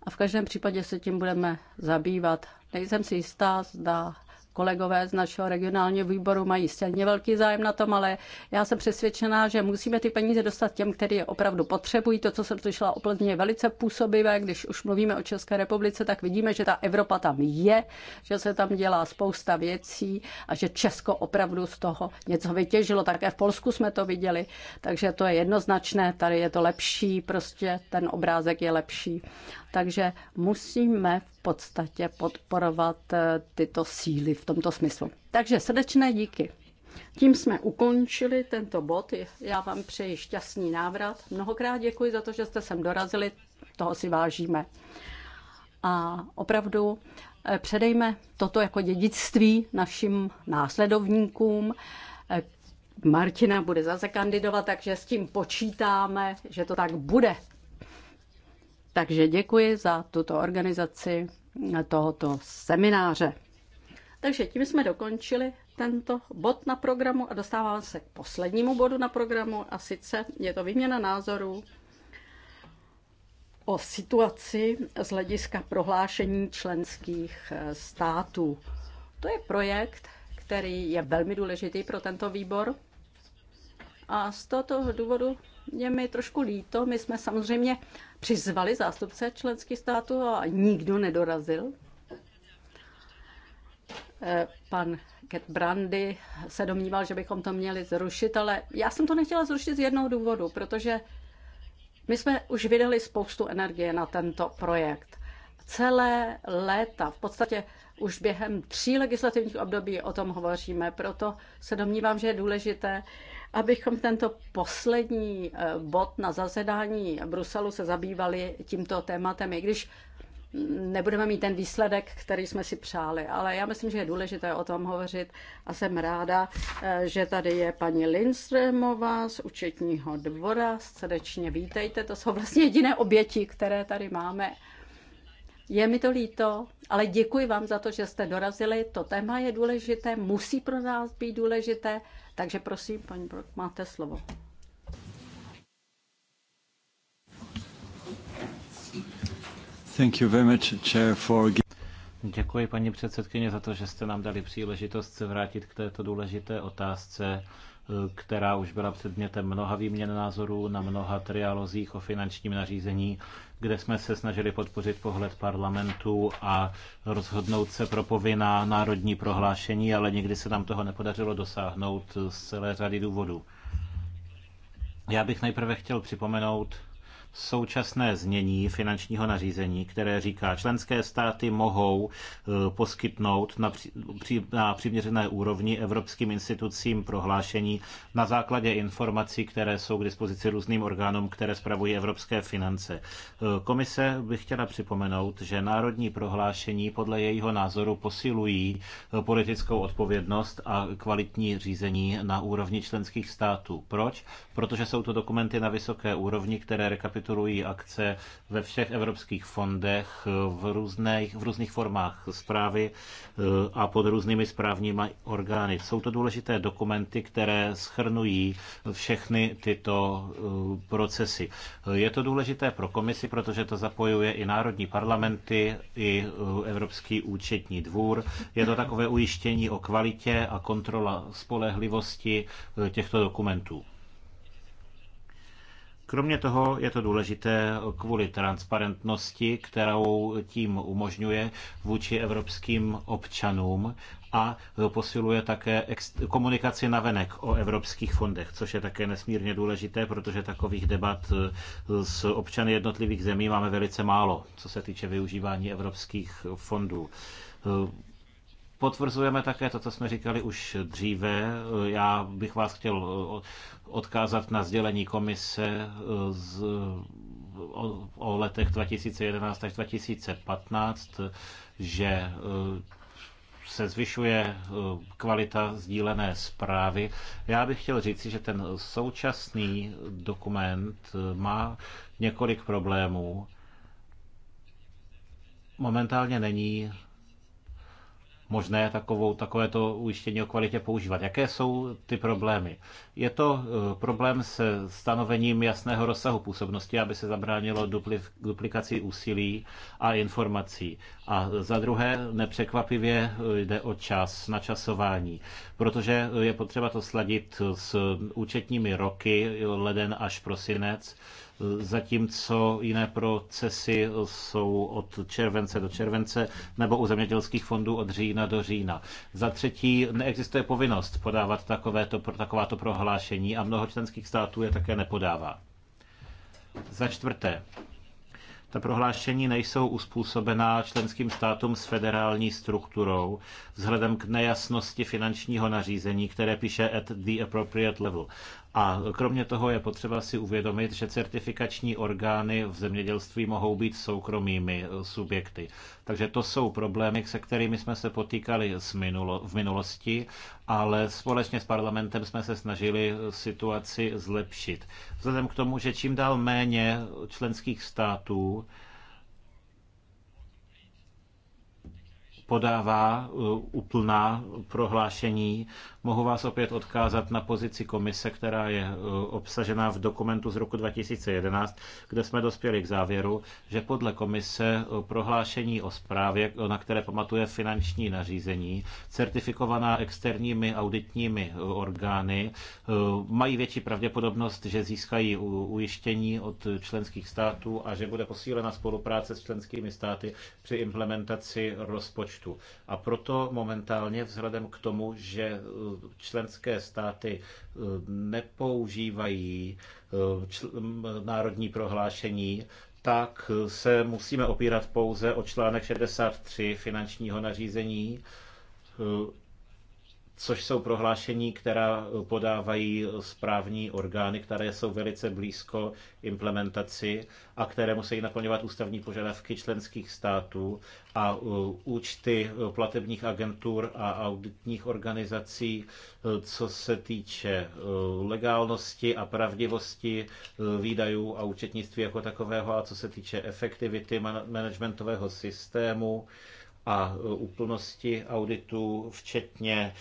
a v každém případě se tím budeme zabývat. Nejsem si jistá, zda kolegové z našeho regionálního výboru mají stejně velký zájem na tom, ale já jsem přesvědčená, že musíme ty peníze dostat těm, kteří je opravdu potřebují. To, co jsem slyšela o Plzně, je velice působivé. Když už mluvíme o České republice, tak vidíme, že ta Evropa tam je, že se tam dělá spousta věcí a že Česko opravdu z toho něco vytěžilo. Také v Polsku jsme to viděli, takže to je jednoznačné. Tady je to lepší, prostě ten obrázek je lepší. Takže musíme v podstatě podporovat eh, tyto síly v tomto smyslu. Takže srdečné díky. Tím jsme ukončili tento bod. Já vám přeji šťastný návrat. Mnohokrát děkuji za to, že jste sem dorazili. Toho si vážíme. A opravdu eh, předejme toto jako dědictví našim následovníkům. Eh, Martina bude zase kandidovat, takže s tím počítáme, že to tak bude. Takže děkuji za tuto organizaci tohoto semináře. Takže tím jsme dokončili tento bod na programu a dostáváme se k poslednímu bodu na programu a sice je to výměna názorů o situaci z hlediska prohlášení členských států. To je projekt, který je velmi důležitý pro tento výbor a z tohoto důvodu je mi trošku líto. My jsme samozřejmě přizvali zástupce členských států a nikdo nedorazil. Eh, pan Ket Brandy se domníval, že bychom to měli zrušit, ale já jsem to nechtěla zrušit z jednoho důvodu, protože my jsme už vydali spoustu energie na tento projekt. Celé léta, v podstatě už během tří legislativních období o tom hovoříme, proto se domnívám, že je důležité, abychom tento poslední eh, bod na zasedání Bruselu se zabývali tímto tématem, i když nebudeme mít ten výsledek, který jsme si přáli. Ale já myslím, že je důležité o tom hovořit a jsem ráda, eh, že tady je paní Lindströmová z Učetního dvora. Srdečně vítejte, to jsou vlastně jediné oběti, které tady máme. Je mi to líto, ale děkuji vám za to, že jste dorazili. To téma je důležité, musí pro nás být důležité takže prosím, paní Brok, máte slovo. Thank you very much, chair, for... Děkuji, paní předsedkyně, za to, že jste nám dali příležitost se vrátit k této důležité otázce která už byla předmětem mnoha výměn názorů na mnoha trialozích o finančním nařízení, kde jsme se snažili podpořit pohled parlamentu a rozhodnout se pro povinná národní prohlášení, ale nikdy se nám toho nepodařilo dosáhnout z celé řady důvodů. Já bych nejprve chtěl připomenout, současné znění finančního nařízení, které říká, členské státy mohou eh, poskytnout na, při, na přiměřené úrovni evropským institucím prohlášení na základě informací, které jsou k dispozici různým orgánům, které spravují evropské finance. Eh, komise by chtěla připomenout, že národní prohlášení podle jejího názoru posilují eh, politickou odpovědnost a kvalitní řízení na úrovni členských států. Proč? Protože jsou to dokumenty na vysoké úrovni, které rekapitulují rekapitulují akce ve všech evropských fondech v různých, v různých formách zprávy eh, a pod různými správními orgány. Jsou to důležité dokumenty, které schrnují všechny tyto eh, procesy. Je to důležité pro komisi, protože to zapojuje i národní parlamenty, i eh, Evropský účetní dvůr. Je to takové ujištění o kvalitě a kontrola spolehlivosti těchto dokumentů. Kromě toho je to důležité kvůli transparentnosti, kterou tím umožňuje vůči evropským občanům a posiluje také komunikaci navenek o evropských fondech, což je také nesmírně důležité, protože takových debat eh, s občany jednotlivých zemí máme velice málo, co se týče využívání evropských fondů. Eh, Potvrzujeme také to, co jsme říkali už dříve. Já bych vás chtěl eh, odkázat na sdělení komise eh, z, o, o letech 2011 až 2015, že eh, se zvyšuje kvalita sdílené zprávy. Já bych chtěl říci, že ten současný dokument má několik problémů. Momentálně není možné takovou, takovéto ujištění o kvalitě používat. Jaké jsou ty problémy? Je to eh, problém se stanovením jasného rozsahu působnosti, aby se zabránilo dupli, duplikaci úsilí a informací. A za druhé, nepřekvapivě eh, jde o čas, načasování, protože je potřeba to sladit s účetními roky, leden až prosinec, eh, zatímco jiné procesy jsou od července do července nebo u zemědělských fondů od října do října. Za třetí, neexistuje povinnost podávat takovéto, takováto prohlášení prohlášení a mnoho členských států je také nepodává. Za čtvrté, ta prohlášení nejsou uspůsobená členským státům s federální strukturou vzhledem k nejasnosti finančního nařízení, které píše at the appropriate level. A kromě toho je potřeba si uvědomit, že certifikační orgány v zemědělství mohou být soukromými eh, subjekty. Takže to jsou problémy, se kterými jsme se potýkali v minulosti, ale společně s parlamentem jsme se snažili eh, situaci zlepšit. Vzhledem k tomu, že čím dál méně členských států podává eh, úplná prohlášení. Mohu vás opět odkázat na pozici komise, která je eh, obsažená v dokumentu z roku 2011, kde jsme dospěli k závěru, že podle komise eh, prohlášení o zprávě, na které pamatuje finanční nařízení, certifikovaná externími auditními orgány, mají větší pravděpodobnost, že získají ujištění od členských států a že bude posílena spolupráce s členskými státy při implementaci rozpočtu rozpočtu. A proto momentálně vzhledem k tomu, že eh, členské státy eh, nepoužívají eh, národní prohlášení, tak se musíme opírat pouze o článek 63 finančního nařízení což jsou prohlášení, která eh, podávají eh, správní orgány, které jsou velice blízko implementaci a které musí naplňovat ústavní požadavky členských států a eh, účty platebních agentur a auditních organizací, co se týče legálnosti a pravdivosti výdajů a účetnictví jako takového a co se týče efektivity managementového systému a úplnosti auditu, včetně e,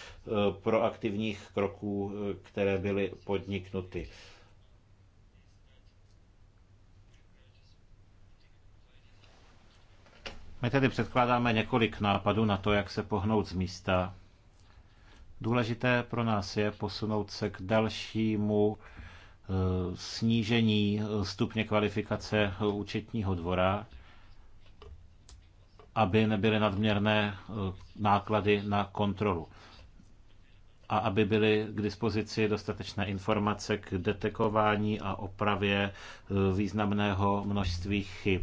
proaktivních kroků, e, které byly podniknuty. My tedy předkládáme několik nápadů na to, jak se pohnout z místa. Důležité pro nás je posunout se k dalšímu e, snížení stupně kvalifikace účetního dvora aby nebyly nadměrné eh, náklady na kontrolu a aby byly k dispozici dostatečné informace k detekování a opravě významného množství chyb.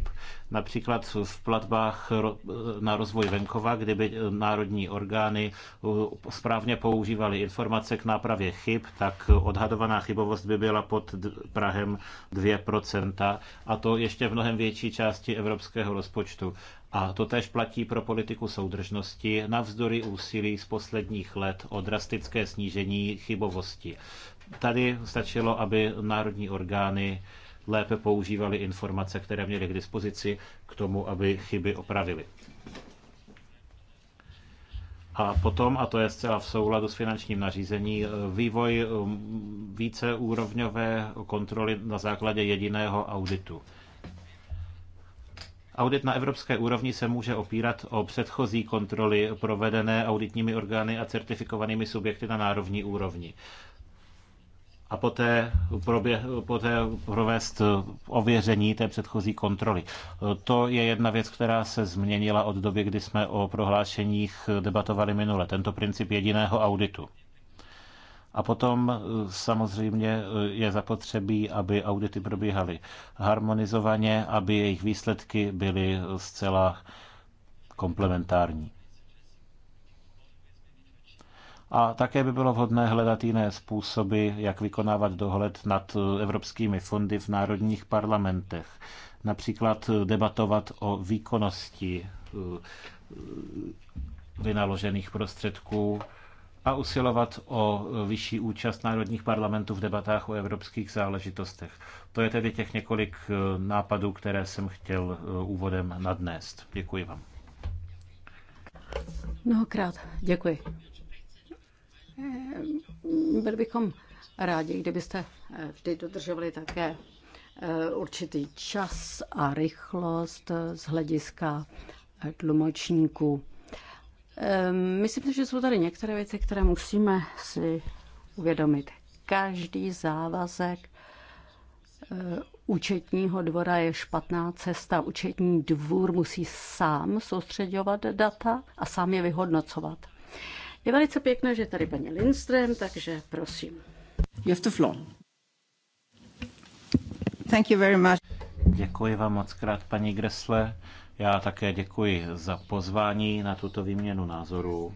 Například v platbách na rozvoj venkova, kdyby eh, národní orgány eh, správně používaly informace k nápravě chyb, tak odhadovaná chybovost by byla pod Prahem 2%, a to ještě v mnohem větší části evropského rozpočtu. A to tež platí pro politiku soudržnosti navzdory úsilí z posledních let o drastické snížení chybovosti. Tady stačilo, aby národní orgány lépe používali informace, které měli k dispozici k tomu, aby chyby opravili. A potom, a to je zcela v souladu s finančním nařízení, vývoj um, víceúrovňové kontroly na základě jediného auditu. Audit na evropské úrovni se může opírat o předchozí kontroly provedené auditními orgány a certifikovanými subjekty na národní úrovni a poté, probě, poté provést ověření té předchozí kontroly. To je jedna věc, která se změnila od doby, kdy jsme o prohlášeních debatovali minule. Tento princip jediného auditu. A potom e, samozřejmě e, je zapotřebí, aby audity probíhaly harmonizovaně, aby jejich výsledky byly zcela komplementární. A také by bylo vhodné hledat jiné způsoby, jak vykonávat dohled nad evropskými fondy v národních parlamentech. Například debatovat o výkonnosti eh, vynaložených prostředků a usilovat o vyšší účast národních parlamentů v debatách o evropských záležitostech. To je tedy těch několik eh, nápadů, které jsem chtěl eh, úvodem nadnést. Děkuji vám. Mnohokrát děkuji. Eh, byli bychom rádi, kdybyste eh, vždy dodržovali také eh, určitý čas a rychlost z hlediska tlumočníků. Ehm, myslím, že jsou tady některé věci, které musíme si uvědomit. Každý závazek účetního dvora je špatná cesta. Účetní dvůr musí sám soustředovat data a sám je vyhodnocovat. Je velice pěkné, že tady paní Lindström, takže prosím. You have the floor. Thank you very much. Děkuji vám moc krát, paní Gresle. Já také děkuji za pozvání na tuto výměnu názorů.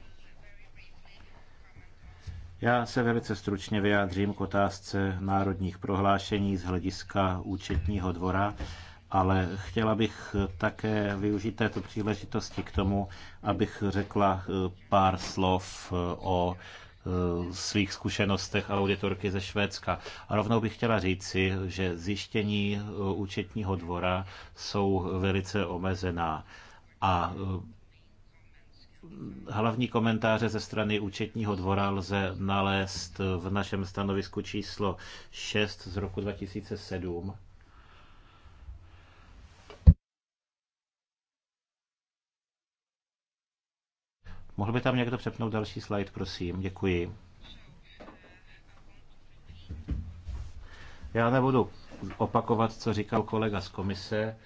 Já se velice stručně vyjádřím k otázce národních prohlášení z hlediska účetního dvora ale chtěla bych také využít této příležitosti k tomu, abych řekla eh, pár slov eh, o eh, svých zkušenostech auditorky ze Švédska. A rovnou bych chtěla říci, že zjištění účetního dvora jsou velice omezená. A hlavní komentáře ze strany účetního dvora lze nalézt v našem stanovisku číslo 6 z roku 2007 Mohl by tam někdo přepnout další slide, prosím? Děkuji. Já nebudu opakovat, co říkal kolega z komise, eh,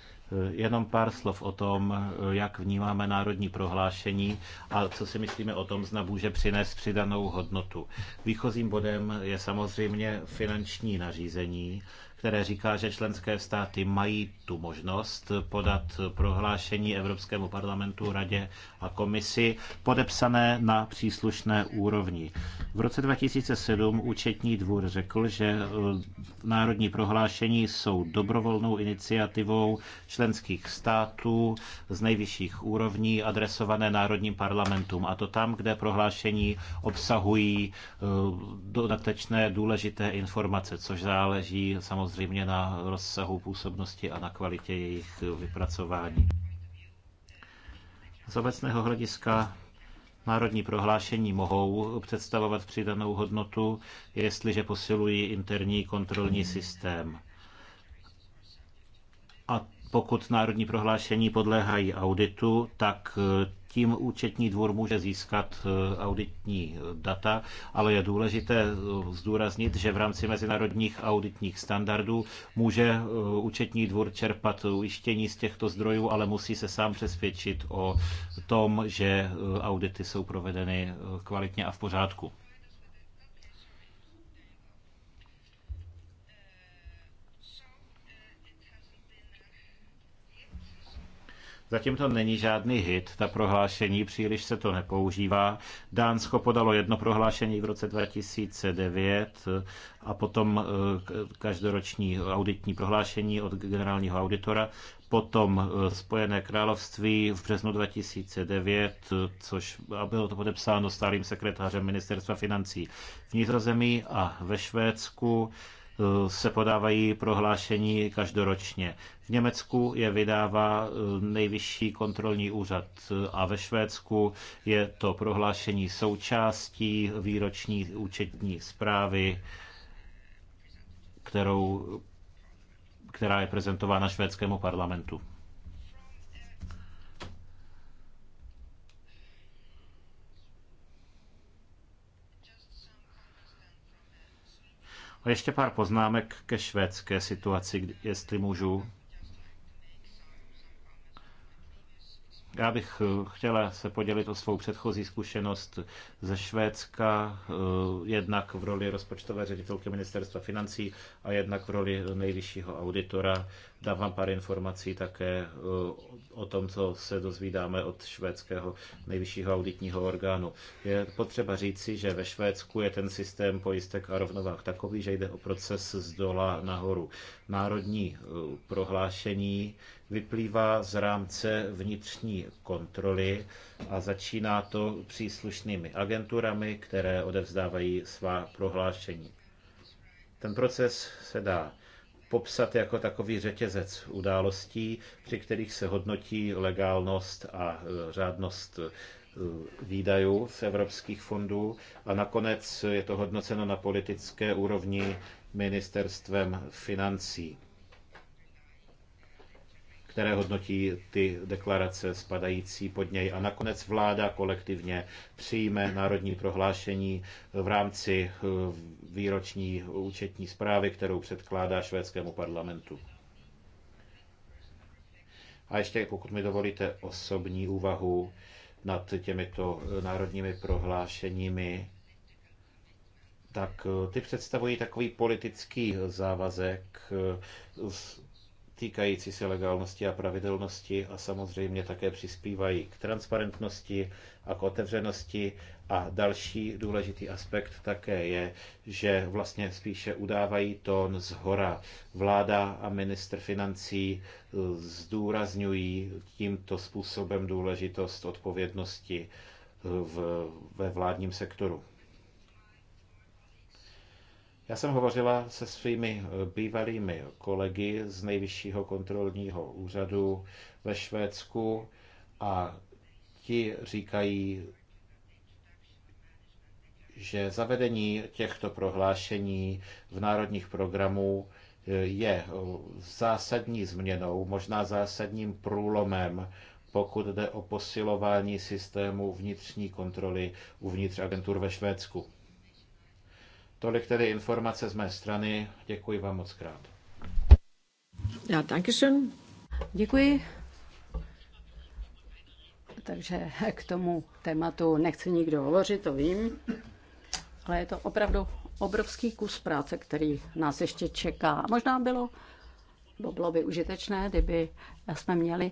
jenom pár slov o tom, eh, jak vnímáme národní prohlášení a co si myslíme o tom, zda může přinést přidanou hodnotu. Výchozím bodem je samozřejmě finanční nařízení, které říká, že členské státy mají tu možnost podat prohlášení Evropskému parlamentu, radě a komisi podepsané na příslušné úrovni. V roce 2007 účetní dvůr řekl, že eh, národní prohlášení jsou dobrovolnou iniciativou členských států z nejvyšších úrovní adresované národním parlamentům. A to tam, kde prohlášení obsahují eh, dodatečné důležité informace, což záleží samozřejmě na rozsahu působnosti a na kvalitě jejich vypracování. Z obecného hlediska národní prohlášení mohou představovat přidanou hodnotu, jestliže posilují interní kontrolní systém. A pokud národní prohlášení podléhají auditu, tak tím účetní dvůr může získat e, auditní data, ale je důležité e, zdůraznit, že v rámci mezinárodních auditních standardů může e, účetní dvůr čerpat ujištění z těchto zdrojů, ale musí se sám přesvědčit o tom, že audity jsou provedeny kvalitně a v pořádku. Zatím to není žádný hit, ta prohlášení, příliš se to nepoužívá. Dánsko podalo jedno prohlášení v roce 2009 a potom eh, každoroční auditní prohlášení od generálního auditora. Potom eh, Spojené království v březnu 2009, což a bylo to podepsáno stálým sekretářem ministerstva financí v Nizozemí a ve Švédsku Eh, se podávají prohlášení každoročně. V Německu je vydává eh, nejvyšší kontrolní úřad eh, a ve Švédsku je to prohlášení součástí výroční účetní zprávy, kterou, která je prezentována švédskému parlamentu. A ještě pár poznámek ke švédské situaci, jestli můžu. Já bych eh, chtěla se podělit o svou předchozí zkušenost ze Švédska, eh, jednak v roli rozpočtové ředitelky ministerstva financí a jednak v roli nejvyššího auditora. Dám vám pár informací také eh, o tom, co se dozvídáme od švédského nejvyššího auditního orgánu. Je potřeba říci, že ve Švédsku je ten systém pojistek a rovnovách takový, že jde o proces z dola nahoru. Národní prohlášení vyplývá z rámce vnitřní kontroly a začíná to příslušnými agenturami, které odevzdávají svá prohlášení. Ten proces se dá popsat jako takový řetězec událostí, při kterých se hodnotí legálnost a e, řádnost e, výdajů z evropských fondů a nakonec je to hodnoceno na politické úrovni ministerstvem financí které hodnotí ty deklarace spadající pod něj. A nakonec vláda kolektivně přijme národní prohlášení v rámci eh, výroční účetní zprávy, kterou předkládá švédskému parlamentu. A ještě, pokud mi dovolíte, osobní úvahu nad těmito eh, národními prohlášeními, tak eh, ty představují takový politický závazek týkající se legálnosti a pravidelnosti a samozřejmě také přispívají k transparentnosti a k otevřenosti. A další důležitý aspekt také je, že vlastně spíše udávají tón z hora. Vláda a ministr financí eh, zdůrazňují tímto způsobem důležitost odpovědnosti eh, v, ve vládním sektoru. Já jsem hovořila se svými eh, bývalými kolegy z nejvyššího kontrolního úřadu ve Švédsku a ti říkají, že zavedení těchto prohlášení v národních programů eh, je eh, zásadní změnou, možná zásadním průlomem, pokud jde o posilování systému vnitřní kontroly uvnitř agentur ve Švédsku. Tolik tedy informace z mé strany. Děkuji vám moc krát. Já taky Děkuji. Takže k tomu tématu nechce nikdo hovořit, to vím. Ale je to opravdu obrovský kus práce, který nás ještě čeká. Možná bylo, bo bylo by užitečné, kdyby jsme měli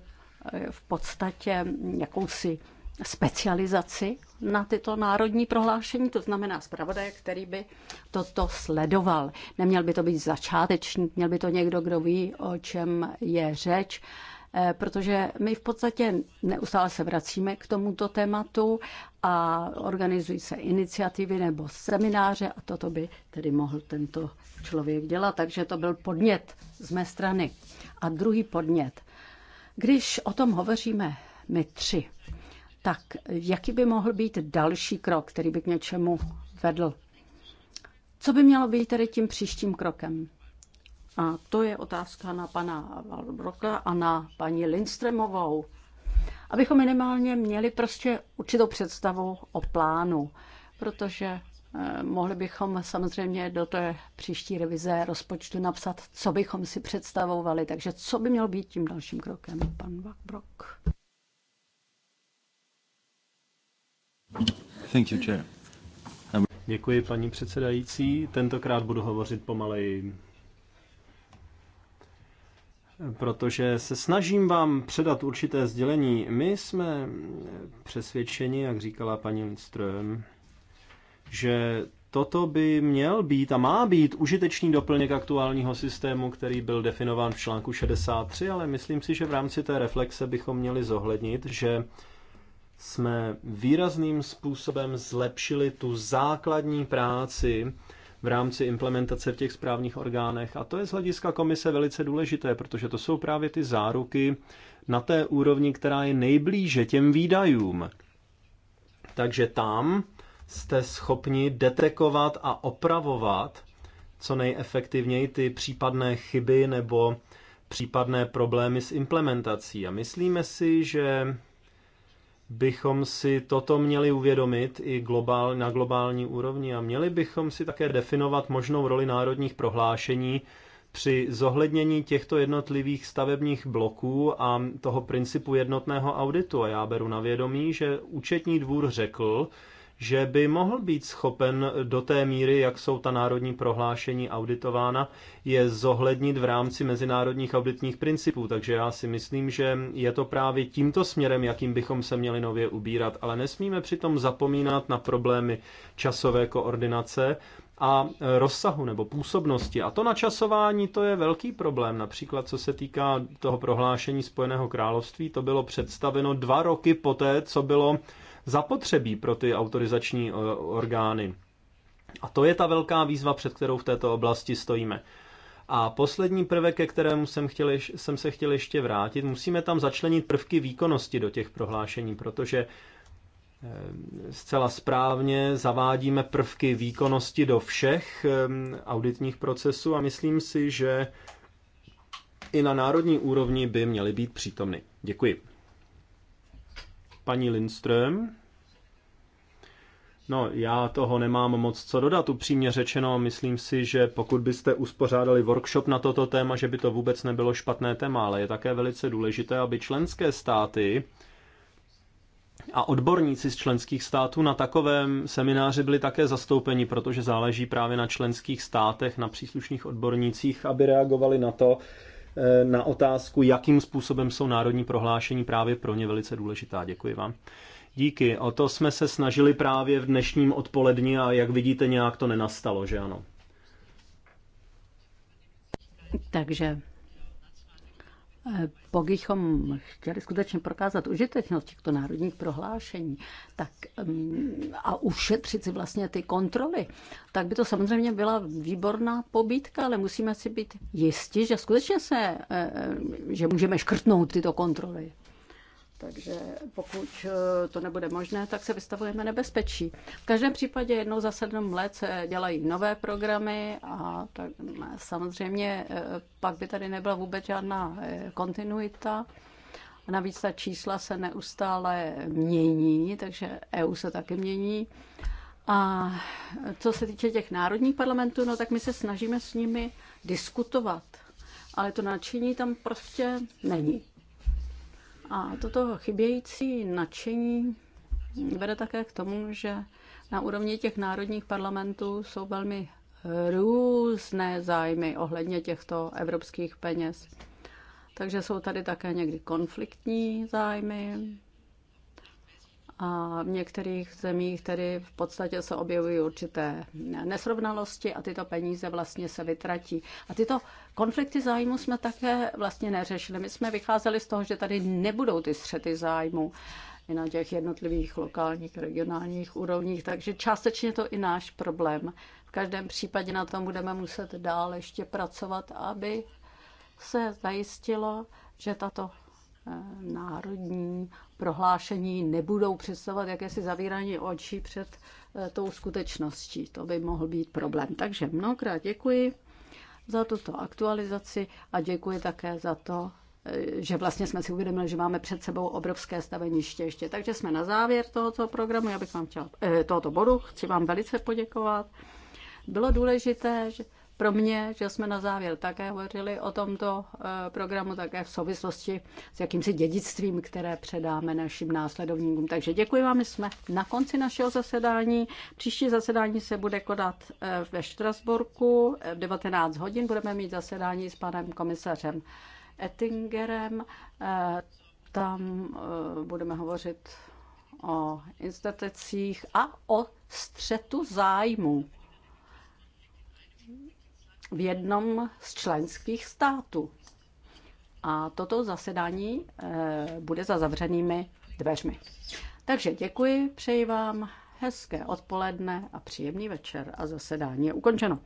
eh, v podstatě jakousi specializaci na tyto národní prohlášení, to znamená zpravodaj, který by toto sledoval. Neměl by to být začátečník, měl by to někdo, kdo ví, o čem je řeč, eh, protože my v podstatě neustále se vracíme k tomuto tématu a organizují se iniciativy nebo semináře a toto by tedy mohl tento člověk dělat. Takže to byl podnět z mé strany. A druhý podnět. Když o tom hovoříme my tři tak jaký by mohl být další krok, který by k něčemu vedl? Co by mělo být tedy tím příštím krokem? A to je otázka na pana Broka a na paní Lindstremovou. Abychom minimálně měli prostě určitou představu o plánu, protože eh, mohli bychom samozřejmě do té příští revize rozpočtu napsat, co bychom si představovali. Takže co by mělo být tím dalším krokem, pan Brok? Um, Děkuji, paní předsedající. Tentokrát budu hovořit pomaleji, protože se snažím vám předat určité sdělení. My jsme přesvědčeni, jak říkala paní Lindström, že toto by měl být a má být užitečný doplněk aktuálního systému, který byl definován v článku 63, ale myslím si, že v rámci té reflexe bychom měli zohlednit, že jsme výrazným způsobem zlepšili tu základní práci v rámci implementace v těch správních orgánech. A to je z hlediska komise velice důležité, protože to jsou právě ty záruky na té úrovni, která je nejblíže těm výdajům. Takže tam jste schopni detekovat a opravovat co nejefektivněji ty případné chyby nebo případné problémy s implementací. A myslíme si, že bychom si toto měli uvědomit i globál, na globální úrovni a měli bychom si také definovat možnou roli národních prohlášení při zohlednění těchto jednotlivých stavebních bloků a toho principu jednotného auditu. A já beru na vědomí, že účetní dvůr řekl, že by mohl být schopen do té míry, jak jsou ta národní prohlášení auditována, je zohlednit v rámci mezinárodních auditních principů. Takže já si myslím, že je to právě tímto směrem, jakým bychom se měli nově ubírat, ale nesmíme přitom zapomínat na problémy časové koordinace, a rozsahu nebo působnosti. A to načasování, to je velký problém. Například co se týká toho prohlášení Spojeného království, to bylo představeno dva roky poté, co bylo zapotřebí pro ty autorizační eh, orgány. A to je ta velká výzva, před kterou v této oblasti stojíme. A poslední prvek, ke kterému jsem, chtěl, jsem se chtěl ještě vrátit, musíme tam začlenit prvky výkonnosti do těch prohlášení, protože eh, zcela správně zavádíme prvky výkonnosti do všech ehm, auditních procesů a myslím si, že i na národní úrovni by měly být přítomny. Děkuji paní Lindström. No, já toho nemám moc co dodat, upřímně řečeno. Myslím si, že pokud byste uspořádali workshop na toto téma, že by to vůbec nebylo špatné téma, ale je také velice důležité, aby členské státy a odborníci z členských států na takovém semináři byli také zastoupeni, protože záleží právě na členských státech, na příslušných odbornících, aby reagovali na to, Eh, na otázku, jakým způsobem jsou národní prohlášení právě pro ně velice důležitá. Děkuji vám. Díky, o to jsme se snažili právě v dnešním odpoledni a jak vidíte, nějak to nenastalo, že ano? Takže pokud bychom chtěli skutečně prokázat užitečnost těchto národních prohlášení tak, mm, a ušetřit si vlastně ty kontroly, tak by to samozřejmě byla výborná pobídka, ale musíme si být jisti, že skutečně se, eh, eh, že můžeme škrtnout tyto kontroly. Takže pokud eh, to nebude možné, tak se vystavujeme nebezpečí. V každém případě jednou za sedm let se dělají nové programy a tak samozřejmě eh, pak by tady nebyla vůbec žádná eh, kontinuita. A navíc ta čísla se neustále mění, takže EU se taky mění. A co se týče těch národních parlamentů, no tak my se snažíme s nimi diskutovat, ale to nadšení tam prostě není. A toto chybějící nadšení vede také k tomu, že na úrovni těch národních parlamentů jsou velmi různé zájmy ohledně těchto evropských peněz. Takže jsou tady také někdy konfliktní zájmy, a v některých zemích tedy v podstatě se objevují určité nesrovnalosti a tyto peníze vlastně se vytratí. A tyto konflikty zájmu jsme také vlastně neřešili. My jsme vycházeli z toho, že tady nebudou ty střety zájmu i na těch jednotlivých lokálních, regionálních úrovních, takže částečně to i náš problém. V každém případě na tom budeme muset dál ještě pracovat, aby se zajistilo, že tato eh, národní prohlášení nebudou představovat jakési zavírání očí před eh, tou skutečností. To by mohl být problém. Takže mnohokrát děkuji za tuto aktualizaci a děkuji také za to, eh, že vlastně jsme si uvědomili, že máme před sebou obrovské staveniště ještě. Takže jsme na závěr tohoto programu, já bych vám chtěla, eh, tohoto bodu, chci vám velice poděkovat. Bylo důležité, že pro mě, že jsme na závěr také hovořili o tomto eh, programu, také v souvislosti s jakýmsi dědictvím, které předáme našim následovníkům. Takže děkuji vám, my jsme na konci našeho zasedání. Příští zasedání se bude konat eh, ve Štrasburku v 19 hodin. Budeme mít zasedání s panem komisařem Ettingerem. Eh, tam budeme hovořit o institucích a o střetu zájmů v jednom z členských států. A toto zasedání eh, bude za zavřenými dveřmi. Takže děkuji, přeji vám hezké odpoledne a příjemný večer a zasedání je ukončeno.